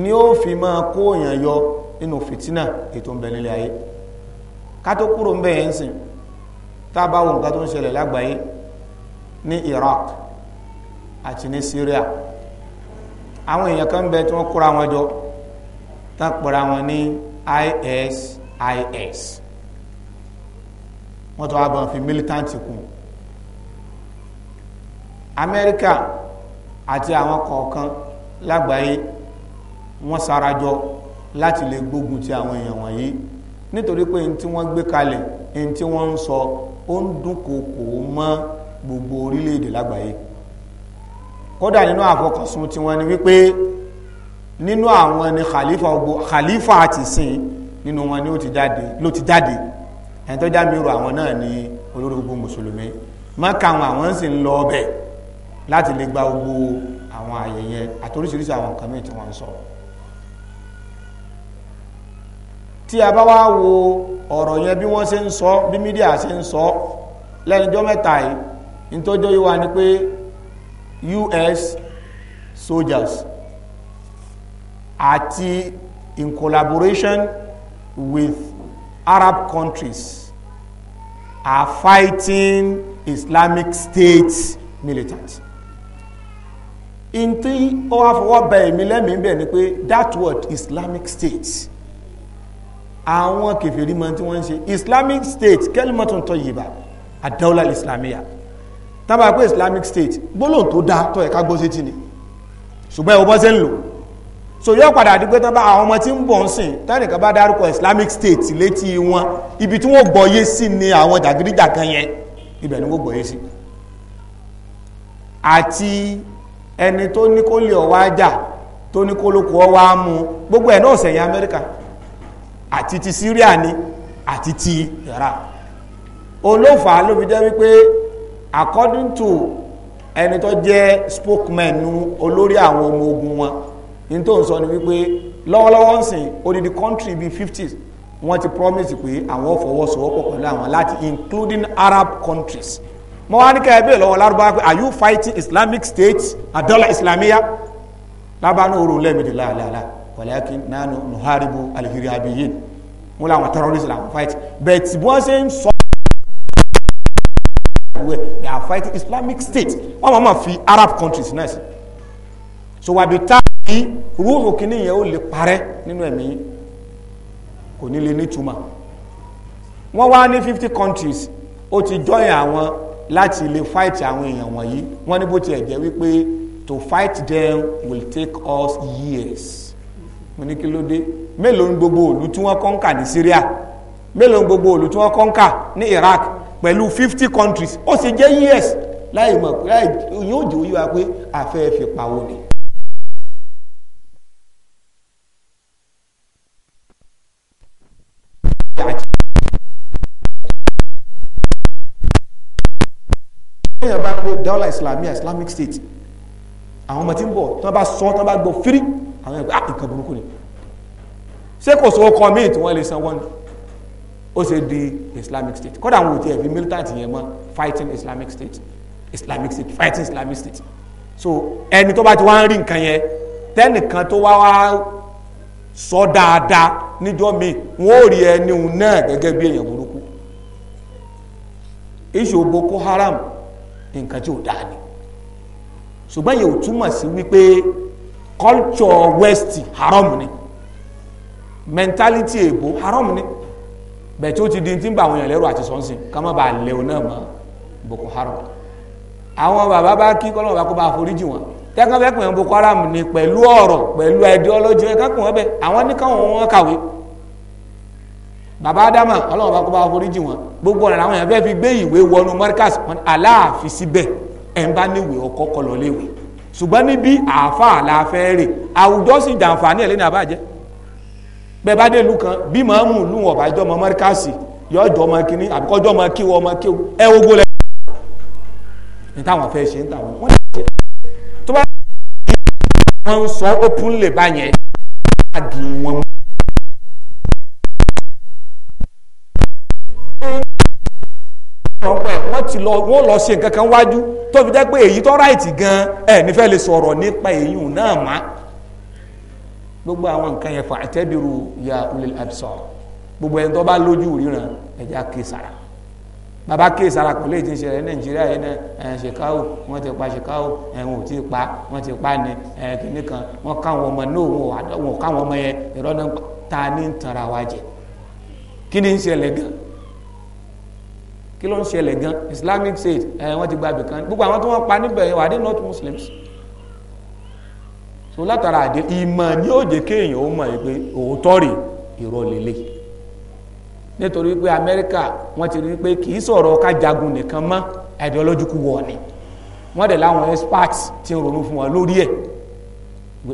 ni ó fi máa kó èèyàn yọ nínú fìtínà ètò ń ayé ká tó kúrò ń bẹ sìn tá nǹkan tó ń ṣẹlẹ̀ lágbàáyé ní Iraq àti ní Syria àwọn èèyàn kan wọn jọ tán wọn ní ISIS wọ́n tó wá bọ̀ fi militant kún amẹ́ríkà àti àwọn kọ̀ọ̀kan lágbàáyé wọ́n sarajọ láti lè gbógun ti àwọn èèyàn wọ̀nyí nítorí pé ní tí wọ́n gbé kalẹ̀ ní tí wọ́n ń sọ ó ń dúnkòkò mọ́ gbogbo orílẹ̀-èdè lágbàáyé kódà nínú àfọkànsùn tí wọ́n ní wípé nínú àwọn ni khalifa àti sìn nínú wọn ni ó ti jáde ló ti jáde ẹni tó dá mi rò àwọn náà ni olórí gbogbo mùsùlùmí mọ́kà wọn àwọn sì ń lọ ọbẹ̀ láti lè gba gbogbo àwọn ayẹyẹ àtoríṣiríṣi àwọn nǹkan mìíràn tí wọ́n ń sọ tí a bá wá wo ọ̀rọ̀ yẹn bí wọ́n ṣe ń sọ bí mídíà ṣe ń sọ lẹ́nujọ́ mẹ́ta yìí nítọ́jọ́ yìí wá ní pé US soldiers àti in collaboration with Arab countries are fighting Islamic State militants. Ntí ó wá fọwọ́ bẹ èmi lẹ́mìí bẹ̀ ni pé that word Islamic State àwọn kèfèrí mọ tí wọ́n ṣe Islamic State kẹ́límọ́tún tó yìí bá àdáwọ́lá islamiyà tábà pé Islamic State gbólóhùn tó dáa tó ẹ̀ka gbóṣe tì ní ṣùgbọ́n ẹ̀ wọ́n bọ́ sẹ́ ń lò so yóò padà di pé tán bá àwọn ọmọ tí ń bọ̀ ń sìn tẹ́nìkan bá dárúkọ Islamic State létí wọn ibi tí wọ́n gbọ́yé sí ni àwọn jàgídíjàgan yẹn ibẹ̀ ni wọ́n gbọ́yé sí àti ẹni tó ní kó lè ọwá jà tó ní kó lóko ọwá mú gbogbo ẹ̀ náà sẹ̀yìn Amẹ́ríkà àti ti Syria ni àti ti Iraq olófà ló fi jẹ́ wípé according to ẹni tó jẹ́ spokesman olórí àwọn ọmọ ogun wọn ní tó ń sọ ni wípé lọ́wọ́lọ́wọ́ ń sìn odidi country bíi fifties wọ́n ti promise pé àwọn fọwọ́sowọ́pọ̀ pẹ̀lú àwọn láti including Arab countries mo wá ní kẹ́ẹ̀ bẹ́ẹ̀ lọ́wọ́ lárúbáwá pé are you fighting Islamic State adola islamiyya lábánú oòrùn lẹ́ẹ̀mejì láàlá walakin nanu nuharibu alhiriabiyin mo làwọn terrorist làwọn fight bẹ́ẹ̀ tí wọ́n ṣe ń sọ they are fighting Islamic State wọ́n máa ma fi Arab countries náà sí so wàá bi tá yìí rúhù kìíní yẹn ó lè parẹ́ nínú ẹ̀mí yìí kò ní lè nítumọ̀ wọ́n wá ní fifty countries ó ti join àwọn láti lè fight àwọn èèyàn wọ̀nyí wọ́n ní bó tiẹ̀ jẹ́ wípé to fight them will take us years mo ní kí ló dé mélòó ní gbogbo òlú tí wọ́n kọ́ńkà ní Syria mélòó ní gbogbo òlú tí wọ́n kọ́ńkà ní Iraq pẹ̀lú fifty countries ó sì jẹ́ years láì mọ̀ pé yóò jẹ́ òye wa pé àfẹ́ fi pawó ni téèyàn bá pé dawla islamia islamic state àwọn ọmọ tí ń bọ̀ tí wọ́n bá sọ tí wọ́n bá gbọ́ fírí àwọn ẹgbẹ́ ah, nǹkan burúkú ni ṣé kò sọ ọkọ míì tí wọ́n lè san wọ́n ó ṣe di islamic state kódà àwọn òtí ẹ̀fí militant yẹn mọ́ fighting islamic state islamic state fighting islamic state so ẹni tó bá ti wá ń rí nǹkan yẹn tẹ́nìkan tó wá wá sọ dáadáa níjọ́ míì wọ́n ò rí ẹni òun náà gẹ́gẹ́ bí èèyàn burúkú ìṣòro boko haram nǹkan tí ò dáa ni ṣùgbọ́n yóò túmọ̀ sí wípé culture west haram ni mentality èbó haram ni bẹ́ẹ̀ tí ó ti di ti ń bá àwọn èèyàn lẹ́rù àti sọ́nsìn ká má bàa lẹ́wọ̀n náà mọ́ boko haram àwọn bàbá bá kí kọ́lọ́mù bá kó bá foríjì wọn tẹ́kàn fẹ́ pè wọn boko haram ni pẹ̀lú ọ̀rọ̀ pẹ̀lú ideology ẹ̀ká pè wọn bẹ́ẹ̀ àwọn ní wọn kàwé bàbá adama ọlọ́run bá kó bá foríjì wọn gbogbo ọ̀nà làwọn èèyàn fẹ́ fi gbé ìwé wọnú markas wọn aláàfin síbẹ̀ ẹ̀ ń bá níwèé ọkọ̀ kọlọ̀ léwe ṣùgbọ́n níbi àáfàá la fẹ́ rè àwùjọ sì jàǹfààní ẹ̀ lẹ́nu àbájẹ́ bẹ́ẹ̀ bá dé ìlú kan bí màá mú ìlú wọn ọ̀bàjọ́ ọmọ markas yọ ọjọ́ ọmọ kínní àbíkọ́jọ́ ọmọ kíwọ́ ọmọ kíw ẹ ogo lẹ ní táwọn fẹ́ ṣe ń táwọn wọ́n wọ́n ti lọ wọ́n lọ ṣe nǹkan kan wájú tó fi jẹ́ pé èyí tó ráìtì gan ẹ̀ nífẹ̀ẹ́ lè sọ̀rọ̀ nípa èyún náà má gbogbo àwọn nǹkan yẹn fa'tabiru ya ulil absar gbogbo ẹni tó bá lójú ríran ẹja ké sara bàbá ké sara kò lè ti ṣẹlẹ̀ nàìjíríà yìí náà ẹ̀ ṣèkáwò wọ́n ti pa ṣèkáwò ẹ̀ wọ́n ti pa wọ́n ti pa ni ẹ̀ kìnnì kan wọ́n káwọn ọmọ náà wọ́n káwọn ọmọ yẹn ìrọ́nà ta ní ń tanra kí ni ń ṣẹlẹ̀ gan-an kí ló ń ṣẹlẹ̀ gan islamic state ẹ̀ wọ́n ti gba ibì kan gbogbo àwọn tí wọ́n pa níbẹ̀ wà dé not muslims so látara àdé ìmọ̀ ní òjè kéèyàn ó mọ̀ pé òótọ́ rè irọ́ lélẹ̀ nítorí pé amẹ́ríkà wọ́n ti rí pé kì í sọ̀rọ̀ ká jagun nìkan mọ́ ideological war ni wọ́n dẹ̀ láwọn experts ti ń ronú fún wọn lórí ẹ̀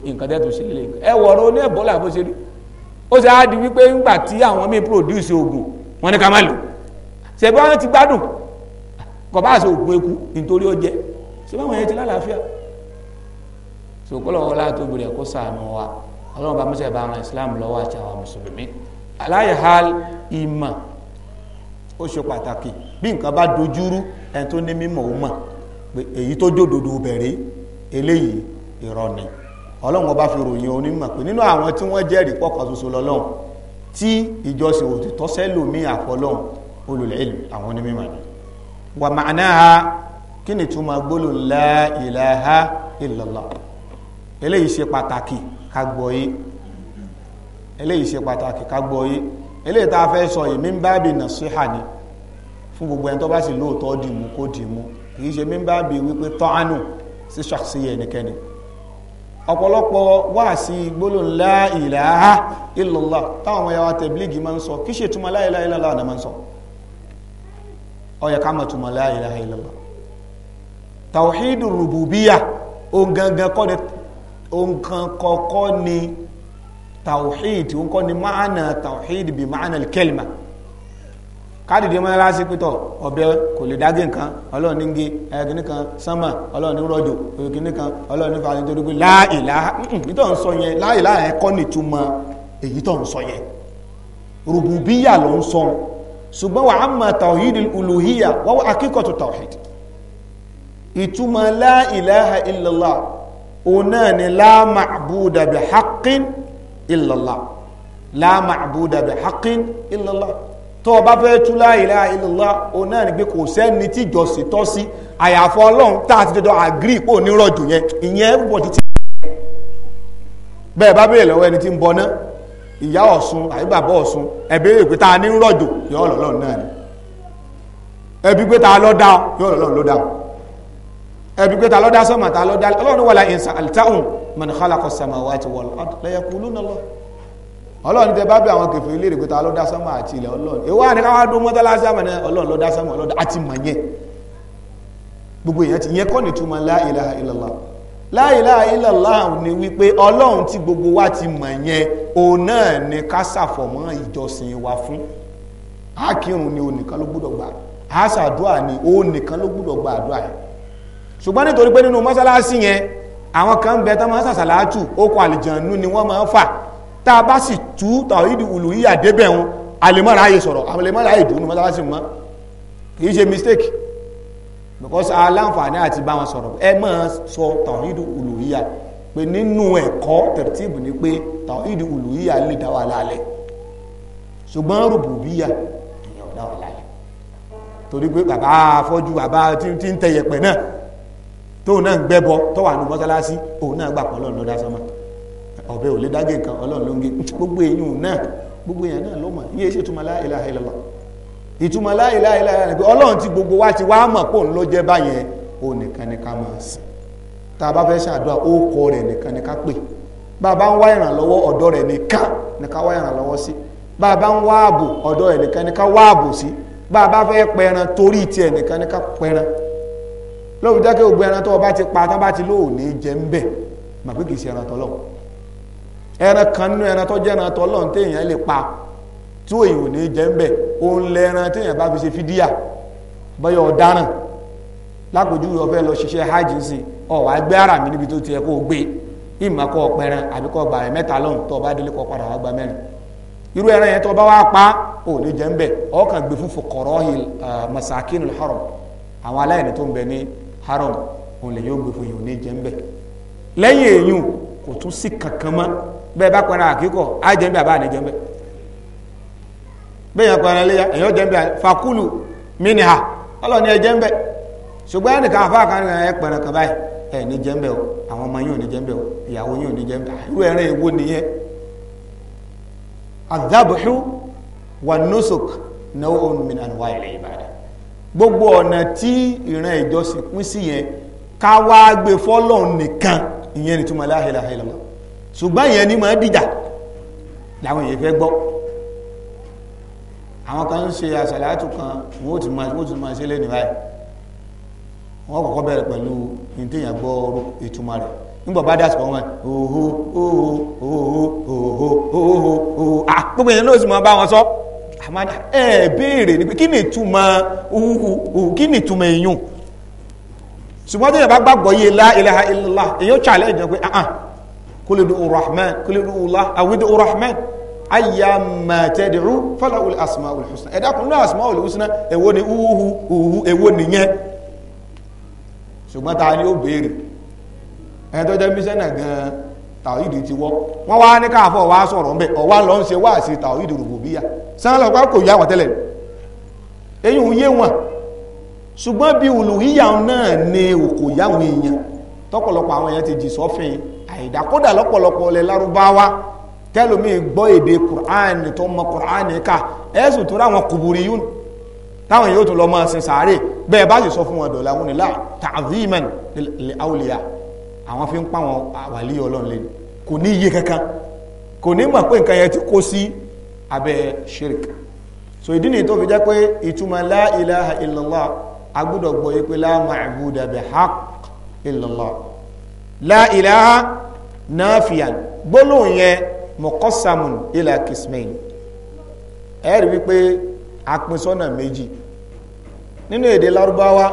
nǹkan tẹ́ tó lè ẹ wọ̀rọ̀ oní ẹ̀bọ́là bó ṣe rí ó ṣe á di wípé ńgbà tí àwọn míì produce oògùn wọ́n ní ká má lò ó ṣebí wọn ti gbádùn kọba àti òògùn eku nítorí ó jẹ ṣebí wọn yẹn ti lálàáfíà sòkòlò wọn láti obìnrin ẹkọ sàánú wa Ọlọ́run bá mọṣẹ bá ran Islam lọ́wọ́ àti àwọn mùsùlùmí aláìhal ìmọ̀ ó ṣe pàtàkì bí nǹkan bá dojúrú ẹni tó ní mímọ̀ ó pé èyí tó jòdòdò bẹ̀rẹ̀ eléyìí irọ́ ni ọlọ́run ọba fi ròyìn onímọ̀ pé nínú àwọn tí wọ́n jẹ́rìí pọ̀kan ṣoṣo lọ́lọ́run tí ìjọsìn òtítọ́ sẹ́lòmíì ulul ilm àwọn onímọ̀ ni wa ma'naha kí ni túmọ̀ gbólóhùn la ilaha illallah eléyìí ṣe pàtàkì pataki gbọ́ yé eléyìí ṣe pàtàkì ká gbọ́ yé eléyìí tá a fẹ́ sọ yìí mímbábì nasiha ni fun gbogbo ẹni tó bá sì lóòótọ́ ko kó dìmú kìí ṣe mímbábì wipe tọ́ánù si ṣàkṣíyẹ ẹnikẹ́ni ọ̀pọ̀lọpọ̀ wáàsí gbólóhùn la ilaha illallah táwọn ọmọ yàrá tẹ̀blígì máa ń sọ kí ṣètúmọ̀ la ilaha náà máa ń sọ ó yẹ ká mọ̀ túmọ̀ la ilaha illallah tawhidu rububiya ongangan kọ́ ni ongan kọ́kọ́ ni tawhid onkọ́ ni maana tawhid bi maana kelma kádìdì mọ́ lásì pítọ̀ ọ̀bẹ kò lè dágé nǹkan ọlọ́run ní gé ẹ̀kíní kan sánmà ọlọ́run ní rọ̀jò ẹ̀kíní kan ọlọ́run ní fàájú torí pé láìlá nítọ̀ ń sọ yẹn láìlá ẹ̀kọ́ nìtumọ̀ èyí tọ̀ ń sọ yẹn rùbùbíyà ló ń sọ ṣùgbọ́n wà á mọ̀ tàwíìdì olùhíyà wọ́n akíkọ̀tù tàwíìdì ìtumọ̀ la ilaha illallah òun náà ni la ma'buda bi haqqin illallah la ma'buda bi haqqin illallah tó o bá fẹ́ tú la ilaha illallah òun náà ni pé kò sẹ́ni tí jọ̀sìn tọ́ sí àyàfọ́ ọlọ́run tá a ìyá ọ̀sun àbí bàbá ọ̀sun ẹ̀bí ìpè ta ní rọ̀jò yọ ọlọ́lọ́run náà ni ẹbí pé ta lọ́ dá yọ ọlọ́run ló dá ẹbí pé ta lọ́ dá sọ́mà ta lọ́ dá ọlọ́run wà láì ìsà àlìtáhùn man khalaqa samawati wal ard la yaquluna Allah ọlọ́run tẹ bá bí àwọn kẹfẹ́ ilé ìrèkúta ló dá sánmà àti ilẹ̀ ọlọ́run ìwọ àni káwá la ilaha illallah ni wípé ọlọ́run tí gbogbo wa ti mọ̀ yẹn òun náà ni ká ṣàfọ̀mọ́ ìjọsìn wa fún ákírun ni òun nìkan ló gbúdọ̀ gbà àṣàdúà ni òun nìkan ló gbúdọ̀ gbà àdúà yẹn ṣùgbọ́n nítorí pé nínú mọ́sálásí yẹn àwọn kan bẹ tán máa ń sàṣàlátù okùn àlìjànú ni wọ́n máa ń fà tá a bá sì tú tàwídì ùlù yíyà débẹ̀ wọn àlèmọ́ra ayé sọ̀rọ̀ àlèmọ́ra ayé dùn ní mọ́sálásí mọ́ kì í ṣe mistake because aláǹfààní àti bá wọn sọ̀rọ̀ ẹ máa sọ tàwídù olùyíyà pé nínú ẹ̀kọ́ tẹ̀rẹ̀tìbù ni pé tàwídù olùyíyà lè dá wà lálẹ́ ṣùgbọ́n rùbùbíyà èèyàn dá wà lálẹ́ torí pé bàbá afọ́jú bàbá tí ń tẹ̀yẹ̀pẹ̀ náà tóun náà ń gbẹ́bọ tó wà nù mọ́sálásí òun náà gbà pọ̀ ọlọ́run ló dá sọ́mọ́ ọ̀bẹ ò lè dágé nǹkan ọlọ́run ló ń gé gbogbo èèyàn náà gbogbo èèyàn náà ló mọ̀ yíyé ṣètùmọ̀ lá ilaha ìtumọ̀ láìláìláì rẹ̀ pé ọlọ́run tí gbogbo wa ti wá mọ̀ pò ń ló jẹ́ báyẹn ó nìkan ni ká máa sìn tá a bá fẹ́ ṣàdúrà ó kọ rẹ̀ nìkan ni ká pè bá bá ń wá ìrànlọ́wọ́ ọ̀dọ̀ rẹ̀ nìkan ni ká wá ìrànlọ́wọ́ sí bá bá ń wá ààbò ọ̀dọ̀ rẹ̀ nìkan ni ká wá ààbò sí bá bá fẹ́ ti pa tó bá ti lóò ní jẹ ń bẹ̀ ṣe ẹran tọ́lọ̀ ẹran kan nínú ẹran tí òyìn ò ní jẹ́ ń bẹ̀ òun lẹ́ran tí èèyàn bá fi ṣe fídíà bọ́yọ̀ ọ̀daràn lápòjúwe ọ̀fẹ́ lọ ṣiṣẹ́ hajj sí ọ̀wá gbé ara mi níbi tó ti yẹ kó o gbé ìmọ̀ kọ́ ọ̀pẹ̀rẹ̀ àbí kọ́ gbàrẹ̀ mẹ́ta lọ́hùn tó o bá délé kọ́ padà wá gba mẹ́rin irú ẹran yẹn tó o bá wá pa ò ní jẹ́ ń bẹ̀ ọkàn gbé fún fòkọ̀rọ̀ masakinul haram àwọn aláìní tó ń bẹ ní haram òun lè yóò gbé fún yìí ò ní jẹ́ ń bẹ̀ lẹ́yìn èyí kò tún sí kankan mọ́ bẹ́ẹ̀ bá pẹ́ran àkíkọ̀ á àbá àní jẹ́ ń bẹ̀ bẹ́yàn pẹ̀rẹ̀ léyà èyàn jẹ́ bẹ́ẹ̀ fakulu miniha ọlọ́ni ẹ jẹ́ bẹ́ẹ̀ ṣùgbọ́n ẹnìkan afáàkan ẹ pẹ̀rẹ̀ kaba ẹ ẹ ní jẹ́ bẹ́ẹ̀ o àwọn ọmọ yóò ní jẹ́ bẹ́ẹ̀ o ìyàwó yóò ní jẹ́ irú ẹran èwo nìyẹn adhabuhu wa nusuk na naw'un min anwa'i al-ibada gbogbo ọ̀nà tí ìran ìjọsìn pín sí yẹn ká wá gbé fọ́lọ́run nìkan ìyẹn ni túmọ̀ la ilaha illallah ṣùgbọ́n ìyẹn ni máa dìjà làwọn àwọn kan ń ṣe àṣàlátù kan wọ́n ti máa wọ́n ti máa ṣe lé ní báyìí wọ́n kọ́kọ́ bẹ̀rẹ̀ pẹ̀lú ìtẹ̀yàn gbọ́ ìtumọ̀ rẹ̀ nígbà bá dà sọ̀rọ̀ wọn òhó òhó òhó òhó òhó òhó à gbogbo èèyàn náà sì máa bá wọn sọ àmàdà ẹ béèrè ni pé kí ni ìtumọ̀ òhó kí ni ìtumọ̀ èèyàn ṣùgbọ́n tó yẹ bá gbàgbọ́ yé la ilaha illallah èèyàn challenge pé kó lè dùn rahman kó lè dùn Allah àwídùn rahman ayyama tad'u falahu al-asmaul husna ẹ̀dá kun náà asmaul husna èwo ni uhu uhu èwo nìyẹn ṣùgbọ́n ta ni ó béèrè ẹni tó jẹ́ mísẹ́nà gan-an tàwídì ti wọ́ wọ́n wá ní káàfọ́ wá sọ̀rọ̀ ń bẹ̀ ọ̀wá lọ ń ṣe wá sí tàwídì rububiyya sáà lọ kò yá wọn tẹ́lẹ̀ eyín ò yé wọn ṣùgbọ́n bí uluhiyya náà ni kò yá wọn èèyàn tọ́pọ̀lọpọ̀ àwọn èèyàn ti jì sọ́fin àìdá lọ́pọ̀lọpọ̀ lẹ lárúbáwá tẹ́lómi gbọ́ èdè kùránì tó mọ kùránì ká ẹ̀sùn tó ráwọn kùbùrì yún táwọn yóò tó lọ mọ́ sin sàárè bẹ́ẹ̀ bá sì sọ fún wọn dọ̀là wọn nílá ta'ziman lil awliya àwọn fi ń pa wọn àwàlí ọlọ́run lẹ́nu kò ní iye kankan kò ní mọ̀ pé nǹkan yẹn ti kó sí abẹ́ shirk so ìdí nìyí tó fi jẹ́ pé ìtumọ̀ la ilaha illallah agbọ́dọ̀ gbọ́ yé pé la ma'buda bi haqq illallah la gbólóhùn yẹn mọ̀kọ́sàmùn ilà kìsmẹ́yìn ẹ̀rí wípé apinsọ́nà méjì nínú èdè lárúbáwá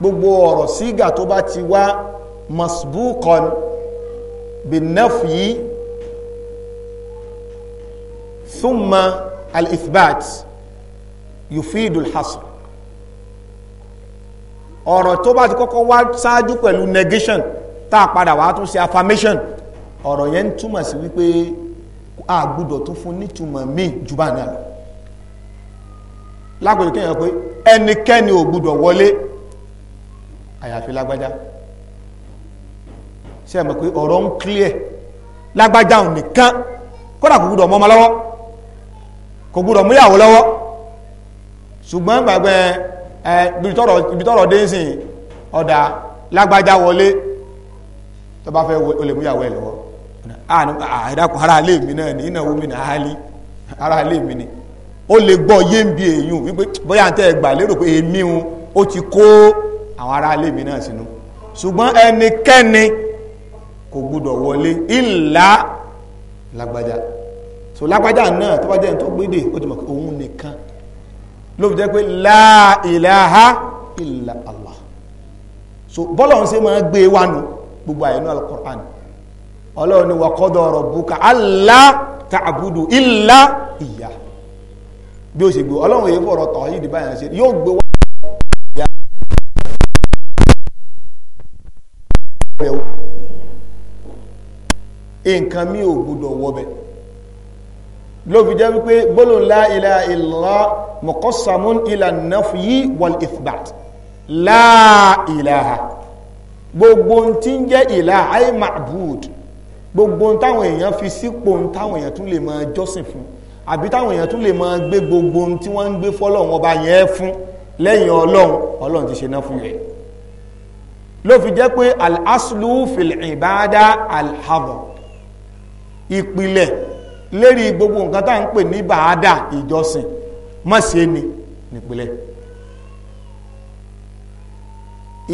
gbogbo ọ̀rọ̀ sígà tó bá ti wá masbúkọ̀n bìnnáfìí thumma al-ithbat yufidul hasr ọ̀rọ̀ tó bá ti kọ́kọ́ wá ṣáájú pẹ̀lú negation tá padà wá tún ṣe affirmation ọ̀rọ̀ yẹn ń túmọ̀ sí wípé a gbúdọ̀ tún fún nítumọ̀ míì jù bá náà lọ lágbèjì kéèyàn pé ẹnikẹ́ni ò gbúdọ̀ wọlé àyàfi lágbájá ṣe é mọ̀ pé ọ̀rọ̀ ń clear lágbájá òun nìkan kódà kò gbúdọ̀ mọ́mọ́ lọ́wọ́ kò gbúdọ̀ múyàwó lọ́wọ́ ṣùgbọ́n gbàgbẹ́ ẹ ibi tọ́rọ̀ dé ń ọ̀dà lágbájá wọlé tó bá fẹ́ olè múyàwó lọ́wọ́ àdàkùn ah, ah, ara ilé mi náà ní ìnáwó mi náà hálí ara ilé mi ni ó lè gbọ́ yé ń bi èyàn wípé bóyá àtẹ ẹgbà lérò pé èmi ń ó ti kó àwọn ara ilé mi náà sínú ṣùgbọ́n ẹnikẹ́ni kò gbúdọ̀ wọlé ìlà lágbájá so lágbájá náà tó bá jẹ́ tó gbédè ó ti mọ̀ pé òun nìkan ló fi jẹ́ pé la ilaha illa Allah so bọ́lọ̀ ń ṣe máa gbé wánu gbogbo àyẹ̀nú al-Qur'an ọlọ́run ni wàkọ́dọ̀ ọ̀rọ̀ búka allá tààbùdù illá ìyá bí ó ṣe gbé ọlọ́run èyí fọ̀rọ̀ tọ̀ yìí dìbà yàn ṣe yóò gbé wá ìyá nǹkan mi ò gbọdọ̀ wọbẹ̀ ló fi jẹ́ wípé gbólóhùn la ilaha illallah muqassamun ila nafyi wal ithbat gbogbo tí ń jẹ́ ìlà ay gbogbo ohun táwọn èèyàn fi sípò ohun táwọn èèyàn tún lè máa jọ́sìn fún àbí táwọn èèyàn tún lè máa gbé gbogbo ohun tí wọ́n ń gbé fọ́lọ́run ọba yẹn fún lẹ́yìn ọlọ́run ọlọ́run ti ṣe náà fún yẹn ló fi jẹ́ pé al-aslu fil ibada al-hadar ìpìlẹ̀ lérí gbogbo nǹkan tá à ń pè ní bàádà ìjọsìn má ṣe ni nípìlẹ̀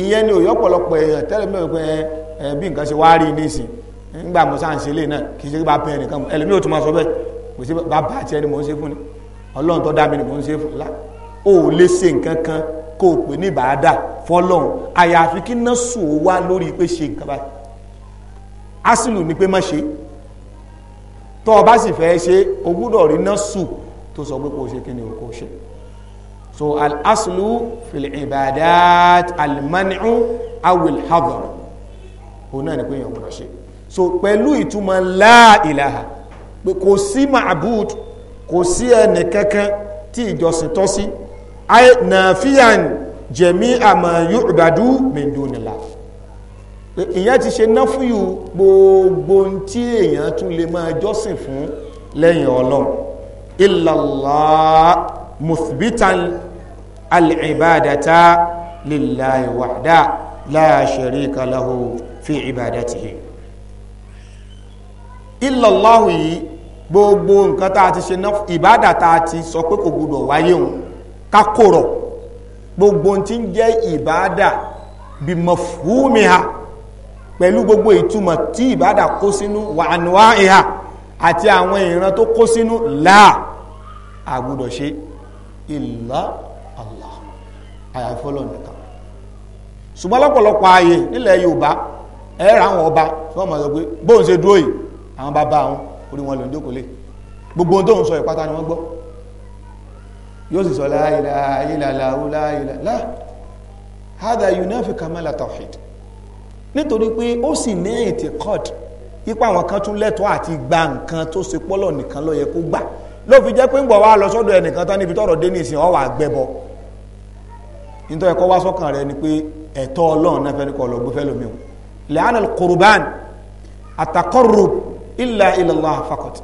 ìyẹn ni òyọ́pọ̀lọpọ̀ èèyàn tẹ́lẹ̀ mẹ́rin pé ẹ bí nǹkan ṣe wá rí nísìnyí nígbà mo sáà ń ṣe lè náà kì í ṣe bá bẹ́ẹ̀ nìkan ẹlòmí ò tún máa sọ bẹ́ẹ̀ kò sí bá bá tiẹ̀ ni mò ń ṣe fún ni ọlọ́run tó dá mi ni mò ń ṣe fún la ó lè ṣe nǹkan kan kó o pè ní ìbáadà fọlọ́run àyàfi kí náà sùn ó wá lórí pé ṣe nǹkan báyìí asìlù ni pé má ṣe tó o bá sì fẹ́ ṣe o gbúdọ̀ rí náà sùn tó sọ pé kò ṣe kí ni o kò ṣe so al-aslu fil ibadat al-man'u awil hadar òun náà ni pé èèyàn gbọ́dọ̀ ṣe so pẹ̀lú ìtumọ̀ láìláha pé kò sí ma'bud kò sí ẹni kankan tí ìjọsìn tọ́ sí ayé nàfíàn jẹ̀mí àmà yu'badu min dunillah ìyẹn ti ṣe náfúyù gbogbo tí èèyàn tún lè máa jọ́sìn fún lẹ́yìn ọlọ́run illallah muthbitan al-ibadata lillahi wahda la sharika lahu fi ibadatihi ìlọlọ́hùn yìí gbogbo nǹkan tá a ti ṣe náà ìbádà tá a ti sọ pé kò gbọdọ̀ wáyé òun kákòrọ̀ gbogbo tí ń jẹ́ ìbádà bí mafhumiha pẹ̀lú gbogbo ìtumọ̀ tí ìbádà kó sínú wa anwa'iha àti àwọn ìran tó kó sínú láà àgbọdọ̀ ṣe illa Allah àyàfọ́lọ̀ nìkan ṣùgbọ́n lọ́pọ̀lọpọ̀ ààyè nílẹ̀ Yorùbá ẹ̀rà àwọn ọba tí wọ́n mọ̀ sọ pé bóun ṣe dúró yìí àwọn bàbá wọn orí wọn ló ń jókòó lé gbogbo ohun tó ń sọ ìpátá ni wọ́n gbọ́ yóò sì sọ la ilaha illallah la ilaha hadha yunafi kamala tawhid nítorí pé ó sì ní ètè kọ́d ipa àwọn kan tún lẹ́tọ̀ọ́ àti gba nǹkan tó ṣe pọ́lọ̀ nìkan ló yẹ kó gbà ló fi jẹ́ pé ń bọ̀ wá lọ sọ́dọ̀ ẹnìkan tán níbi tọ́rọ̀ dé ní ìsìn ọwà gbẹbọ nítorí ẹ̀kọ́ wá sọ́kàn rẹ ni pé ẹ̀tọ́ ọlọ́run náà fẹ́ẹ́ kọ́ lọ gbé fẹ́ lómi o lẹ́hàn al-qurban ilà ilàlá fakọt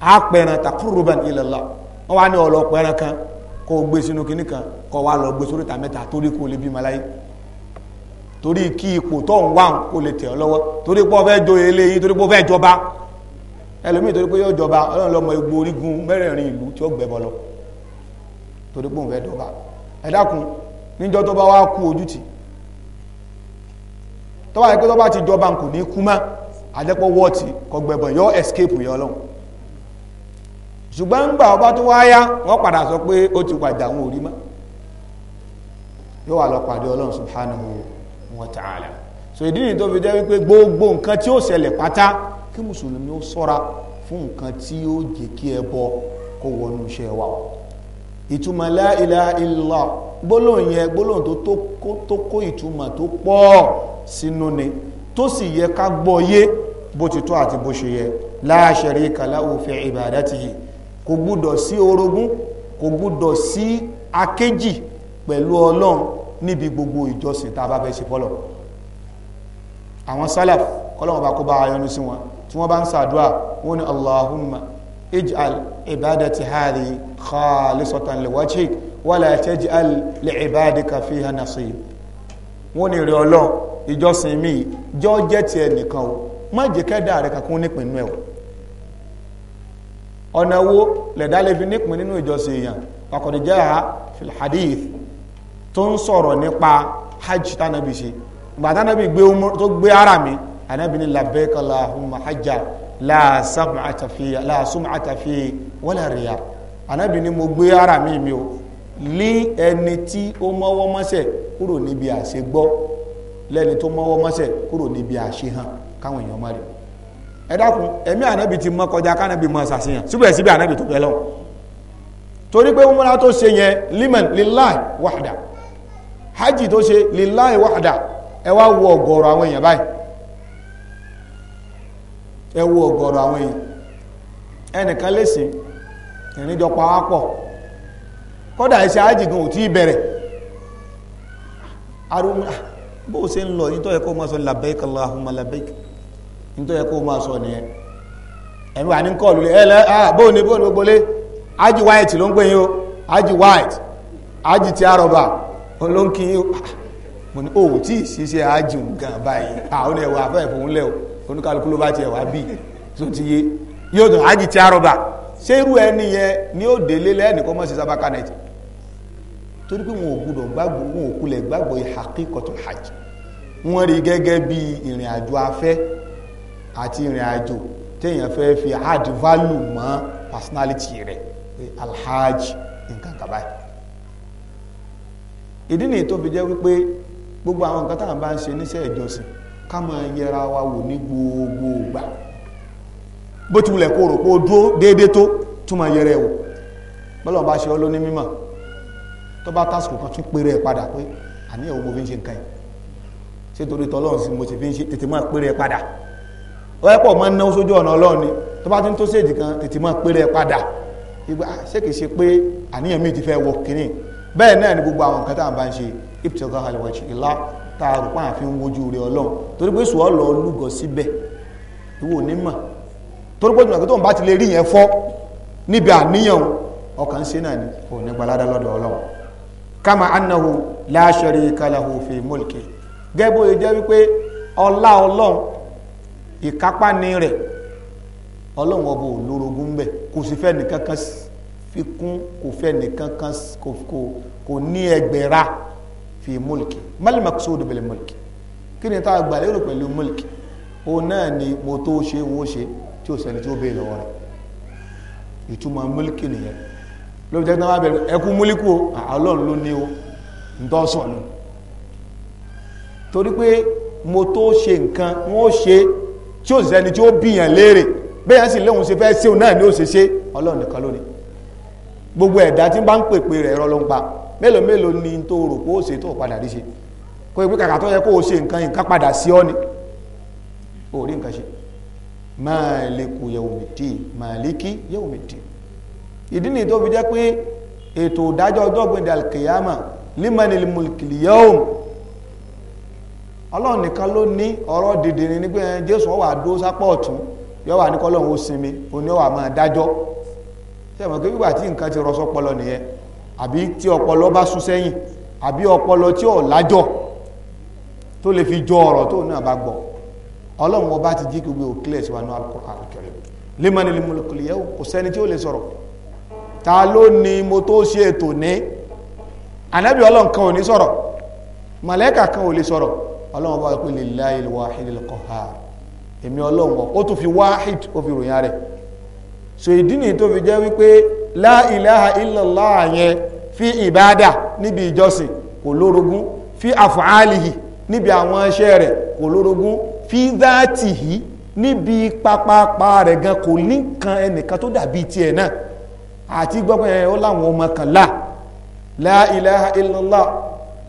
àpẹran takuruban ilàlá wọn wá ní ọlọpẹran kan kó gbé kan lọ gbé sórí ta torí kó o lè bímọ láyé torí kí ipò tó ń wá kó lè tẹ̀ ọ́ lọ́wọ́ torí pé o fẹ́ jọ eléyìí torí pé jọba ẹlòmíì torí pé yóò jọba egbò orígun mẹ́rẹ̀ẹ̀rin ìlú tí ó torí jọba tó bá kú àjẹpọ̀ wọ́ọ̀tì kọgbẹ̀bọ̀ yọ escape yọ lọ́hùn ṣùgbọ́n gbà ọba tó wáyá wọ́n padà sọ pé ó ti wàjà àwọn òrí mọ́ yóò wà lọ pàdé ọlọ́run subhanahu wa ta'ala so ìdí nìyí tó fi jẹ́ wípé gbogbo nǹkan tí ó ṣẹlẹ̀ pátá kí mùsùlùmí ó sọ́ra fún nǹkan tí ó jẹ́ kí ẹ bọ kó wọnú iṣẹ́ wa ìtumọ̀ la ilaha gbólóhùn yẹn gbólóhùn tó tó pọ̀ sínú tó sì yẹ ká gbọ́yé bó ti tó àti bó ṣe yẹ la sharika lahu fi ibadatihi kò gbúdọ̀ sí orogún kò gbúdọ̀ sí akéjì pẹ̀lú ọlọ́run níbi gbogbo ìjọsìn tá a bá fẹ́ ṣe fọ́lọ̀ àwọn sálàf kọ́lọ́wọ́n bá kó bá ayọ́nu sí wọn tí wọ́n bá ń sàdúà wọ́n ní allahumma ij'al ibadati hadhi khalisatan liwajhik wala taj'al li'ibadika fiha nasib wọ́n ní rẹ̀ ọlọ́run ìjọsìn mi jọ́ jẹ́ ti ẹnìkan o má jẹ́ kẹ́dà rẹ̀ kankan nípinnu ẹ̀ o ọ̀nà wo lẹ̀dá lè fi nípin nínú ìjọsìn èèyàn ọkọ̀dìjẹ́ ha fil hadith tó ń sọ̀rọ̀ nípa hajj tánàbì ṣe ìgbà tánàbì tó gbé ara mi ànábì ní labbaika Allahumma hajja la sum'ata fi wala riya ànábì ní mo gbé ara mi mi o lé ẹni tí ó mọ́wọ́ mọ́sẹ̀ kúrò níbi àṣẹ gbọ́ lẹ́ni tó mọ́wọ́ mọ́sẹ̀ kúrò níbi àṣẹ hàn káwọn èèyàn má rí ẹ dákun ẹ̀mí ànábì ti mọ́ kọjá kánábì mọ́ ṣàṣeyàn síbẹ̀síbẹ̀ ànábì tó pẹ̀lọ́ torí pé múra tó ṣe yẹn liman hajj tó ṣe ẹ wá wo ọgọrọ àwọn èèyàn báyìí ẹ wo ọgọrọ àwọn èèyàn ẹnìkan lè sìn kọ́dà isi ajì gan ò tí bẹ̀rẹ̀ ah, bó ṣe ń lọ nítọ́ ẹ̀kọ́ máa sọ labbaik Allahumma labbaik nítọ́ ẹ̀kọ́ máa sọ nìyẹn ẹ̀mí wà ní kọlù ẹ̀lẹ́ ah, bó ní bó gbogbo lé ajì white ló ń pè white ajì ti arọba ló ń kí yín o ah, ní o tí ṣiṣẹ́ ajì gan báyìí àwọn afẹ́ bá ti ẹ̀wà bíi tó ti yé yóò dùn ṣé irú ẹni yẹn ni ó délé lẹ́ẹ̀ni mọ́ sí sábàkà torí pé wọn ò gbúdọ̀ gbàgbọ́ wọn ò kulẹ̀ gbàgbọ́ haqiqatul hajj wọ́n rí gẹ́gẹ́ bí ìrìn àjò afẹ́ àti ìrìn àjò téèyàn fẹ́ fi add value mọ́ personality rẹ̀ alhaj nǹkan kaba yìí fi jẹ́ wípé gbogbo àwọn nǹkan táwọn bá ń ṣe níṣẹ́ ìjọsìn ká máa yẹra wa bó ti wulẹ̀ kó rò pé ó dúró déédéé tó tún máa yẹrẹ wò bọ́lọ̀ bá ṣe ọ́ ló ní mímọ̀ tó bá tásìkò kan tún péré ẹ̀ padà pé àníyàwó mo fi ń ṣe nǹkan yìí ṣé torí tọ́lọ́run sí mo sì fi ń ṣe tètè máa péré ẹ̀ padà ọ̀rẹ́ pọ̀ máa ń náwó sójú ọ̀nà ọlọ́run ni tó bá ti ń tó séèdì kan tètè máa péré ẹ̀ padà ìgbà ah, ṣé kìí ṣe pé àníyàn ti fẹ́ wọ kínní bẹ́ẹ̀ náà ni gbogbo àwọn nǹkan tá à ń bá ń ṣe ìpìtẹ̀kọ́ àlẹ́wọ̀chì ìlà tá a rò pé àfi ń wojú rẹ̀ ọlọ́run torí pé sùọ́ lọ lúgọ síbẹ̀ ìwọ onímọ̀ torí pé jùmọ̀kí tó ń bá ti lè rí yẹn fọ́ níbi àníyàn ọkàn ṣe náà ni kò ní gbalada lọ́dọ̀ ọlọ́run kama annahu la sharika lahu fi mulki gẹ́gbó yìí jẹ́ wípé ọlá ọlọ́run ìkápá ni rẹ̀ ọlọ́run ọba ò lórogún bẹ̀ kò sì fẹ́ nìkan kan fi kún kò fẹ́ nìkan kan kò ní ẹgbẹ̀ra fi mulki mal maqsud bil mulki kí ni tá a pẹ̀lú mulki òun náà ni mo tó ṣe wo ṣe tí ó sẹni tí ó bèèrè lọ́wọ́ rẹ̀ ìtumọ̀ múlíkì nìyẹn ló fi jẹ́gbẹ́ bẹ̀rẹ̀ ẹkú ló ní o ń torí pé mo tó ṣe nǹkan wọ́n ṣe tí ó sẹni tí ó bìyàn léèrè bẹ́yà sì léhun ṣe fẹ́ sí òun náà ni ó ṣe ṣe Ọlọ́run nìkan lónìí yẹ kó o ṣe nǹkan padà sí ni rí máàlíkù yẹ̀wòmìtì máàlíkì yẹ̀wòmìtì ìdí tó fi jẹ́ pé ètò ìdájọ́ ọjọ́ alkiyama limanil mulkil yawm ọlọ́run nìkan ló ní ọ̀rọ̀ dìde ni nígbẹ́ jésù ọwà dó sápọ̀ yọ wà ní ó sinmi òní ọwà máa dájọ́ wíwà tí nǹkan ti nìyẹn àbí tí ọpọlọ bá sún sẹ́yìn àbí ọpọlọ tí ò tó lè fi jọ ọ̀rọ̀ tó náà bá gbọ́ ọlọ́run wọn bá ti jí gbogbo òkílẹ̀ sí wa ní Al-Qur'an Al-Karim limani limulukul yawm kò sẹ́ni tí ó lè sọ̀rọ̀ ta ló ni mo tó ṣe ètò ní ànábì ọlọ́run kan ò ní sọ̀rọ̀ màlẹ́kà kan ò lè sọ̀rọ̀ ọlọ́run bá pè lillahil wahidil qahhar èmi ọlọ́run ó tún fi wáhid ó fi ròyìn rẹ̀ so ìdí nìyí tó fi jẹ́ wípé la ilaha fi ìbádà níbi ìjọsìn kò lórogún fi àfàálìhì níbi àwọn iṣẹ́ rẹ̀ kò lórogún fi dáàtì yìí níbi pápápá rẹ̀ gan kò ní kan ẹnìkan tó dàbí tiẹ̀ náà àti gbọ́gbọ́n ẹ̀ ó láwọn ọmọ kan lá la ilaha illallah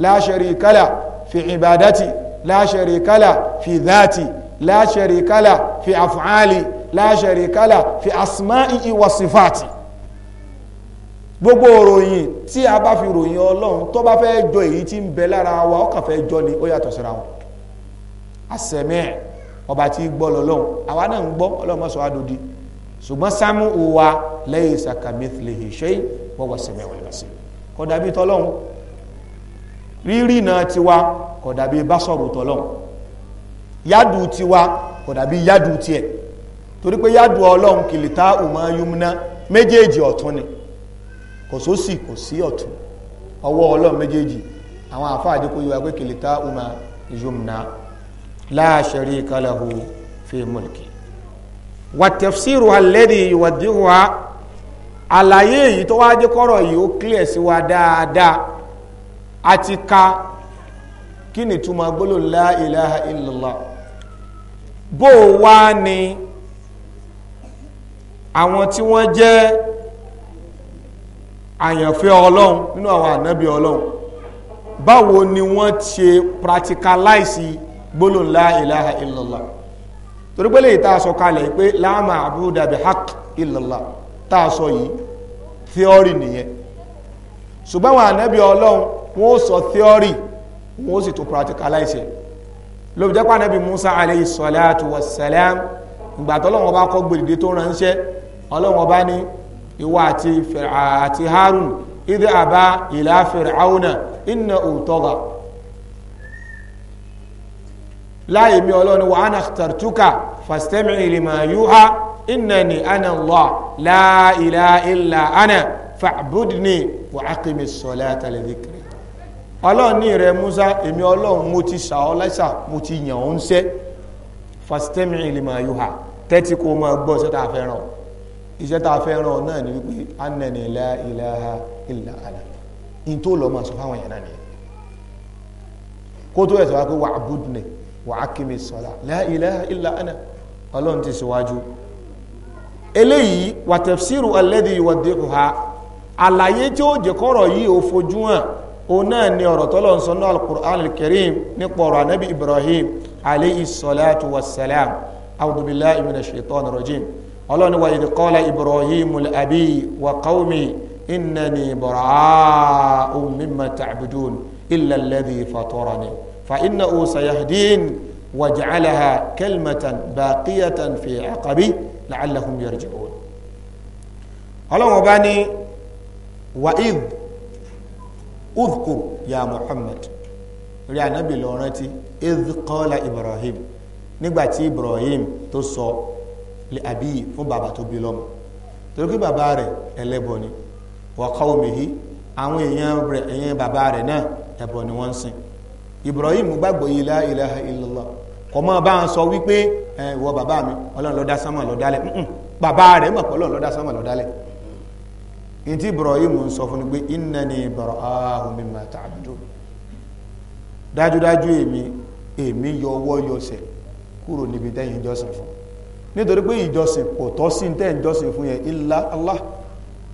la sharika lah fi ibadati la sharika lah fi dhati la sharika lah fi af'ali la sharika lah fi asma'i wa sifati gbogbo òròyìn tí a bá fi ròyìn ọlọ́run tó bá fẹ́ jọ èyí tí ń bẹ lára wa ó fẹ́ jọ ni ó yàtọ̀ síra wọn àsẹ̀mẹ́ ọba ti gbọ́ lọ́lọ́hún àwa náà ń gbọ́ ọlọ́run mọ́sọ̀ wá dòdì ṣùgbọ́n sámú wa laysa kamithlihi shay wa huwa sami'ul basir kódà bí tọ́lọ́hún rírí náà tiwa kódà bí básọ̀rù tọ́lọ́hún yádù tiwa kódà bí yádù tiẹ̀ torí pé yádù ọlọ́run kìlìtà umma yumna méjèèjì ọ̀tún ni kò sósì kò sí ọ̀tún ọwọ́ ọlọ́run méjèèjì àwọn àfáà àdékòyè wa pé kìlìtà umma yumna la sharika lahu fi mulki wa tafsiru alladhi yuwaddihuha àlàyé yìí tó wáá jẹ́ kọ́rọ̀ yìí ó clear sí wa dáadáa a ti ka kí ni túmọ̀ gbólóhùn la ilaha illallah bó wá ní àwọn tí wọ́n jẹ́ àyànfẹ́ ọlọ́run nínú àwọn ànábì ọlọ́run báwo ni wọ́n ṣe practicalize gbólóhùn la ilaha illallah torí pé lèyí tá a sọ kalẹ̀ pé la ma'buda bi haqq illallah tá a sọ yìí theory nìyẹn ṣùgbọ́n àwọn ànábì ọlọ́run wọ́n ó sọ theory wọ́n ó sì tún practicalize ẹ̀ ló fi jẹ́ pé ànábì Musa alayhi salatu wa salam ìgbà tọ́lọ́run ọba kọ́ gbèdìdé tó ránṣẹ́ ọlọ́run ọba ní ìwọ àti àti Harun idh aba ila fir'auna innahu tagha láàyè mi ọlọ́ni wa ana akhtartuka fastami'i lima yuha innani ana Allah la ilaha illa ana fa'budni wa aqimi ssalata li dhikri ọlọ́run ní rẹ musa èmi ọlọ́run mo ti sà ọ́ lẹ́sà mo ti yàn ọ́ ń sẹ́ fastami'i lima yuha tẹ́tí kó máa gbọ́ iṣẹ́ tá iṣẹ́ tá a náà ni wípé annani la ilaha illa ana in tó lọ́ máa sọ fáwọn èèyàn nìyẹn kó tó yẹ sọ wá pé wa'budni wà á kí mi sọ́lá la ilaha illa ana ọlọ́run ti síwájú eléyìí wà tafsiru alladhi yuwaddiquha àlàyé tí ó jẹ́ kọ́rọ̀ yìí ó fojú hàn òun náà ni ọ̀rọ̀ tọ́lọ̀ ń sọ náà al-Qur'an al-Karim nípa ọ̀rọ̀ anábì Ibrahim alayhi salatu wassalam a'udhu billahi minash shaitani rajim ọlọ́ni wa idh qala Ibrahim al-abi wa qawmi innani bara'un mimma ta'budun illa alladhi fatarani فإنه سيهدين وجعلها كلمة باقية في عقبي لعلهم يرجعون الله باني وإذ أذكر يا محمد يا نبي لونتي إذ قال إبراهيم نباتي إبراهيم تصو لأبي فبابا تبلوم تلقي بابا رẹ̀ ẹlẹ́bọ ni wa qawmihi àwọn èèyàn bàbá rẹ̀ Ibrahim gbàgbọ́ yìí la ilaha illallah kò mọ́ bá ń sọ wípé ẹ wọ bàbá mi ọlọ́run ló dá sánmà ló dálẹ̀ bàbá rẹ̀ mọ̀ pé ọlọ́run ló dá sánmà ló dálẹ̀ ní tí Ibrahim ń sọ fún ni pé innani bara'ahu mimma ta'budun dájúdájú èmi èmi yọ ọwọ́ yọsẹ̀ kúrò níbi tẹ́yìn ìjọsìn fún nítorí pé ìjọsìn kò tọ́ sí tẹ́yìn ìjọsìn fún yẹn illa Allah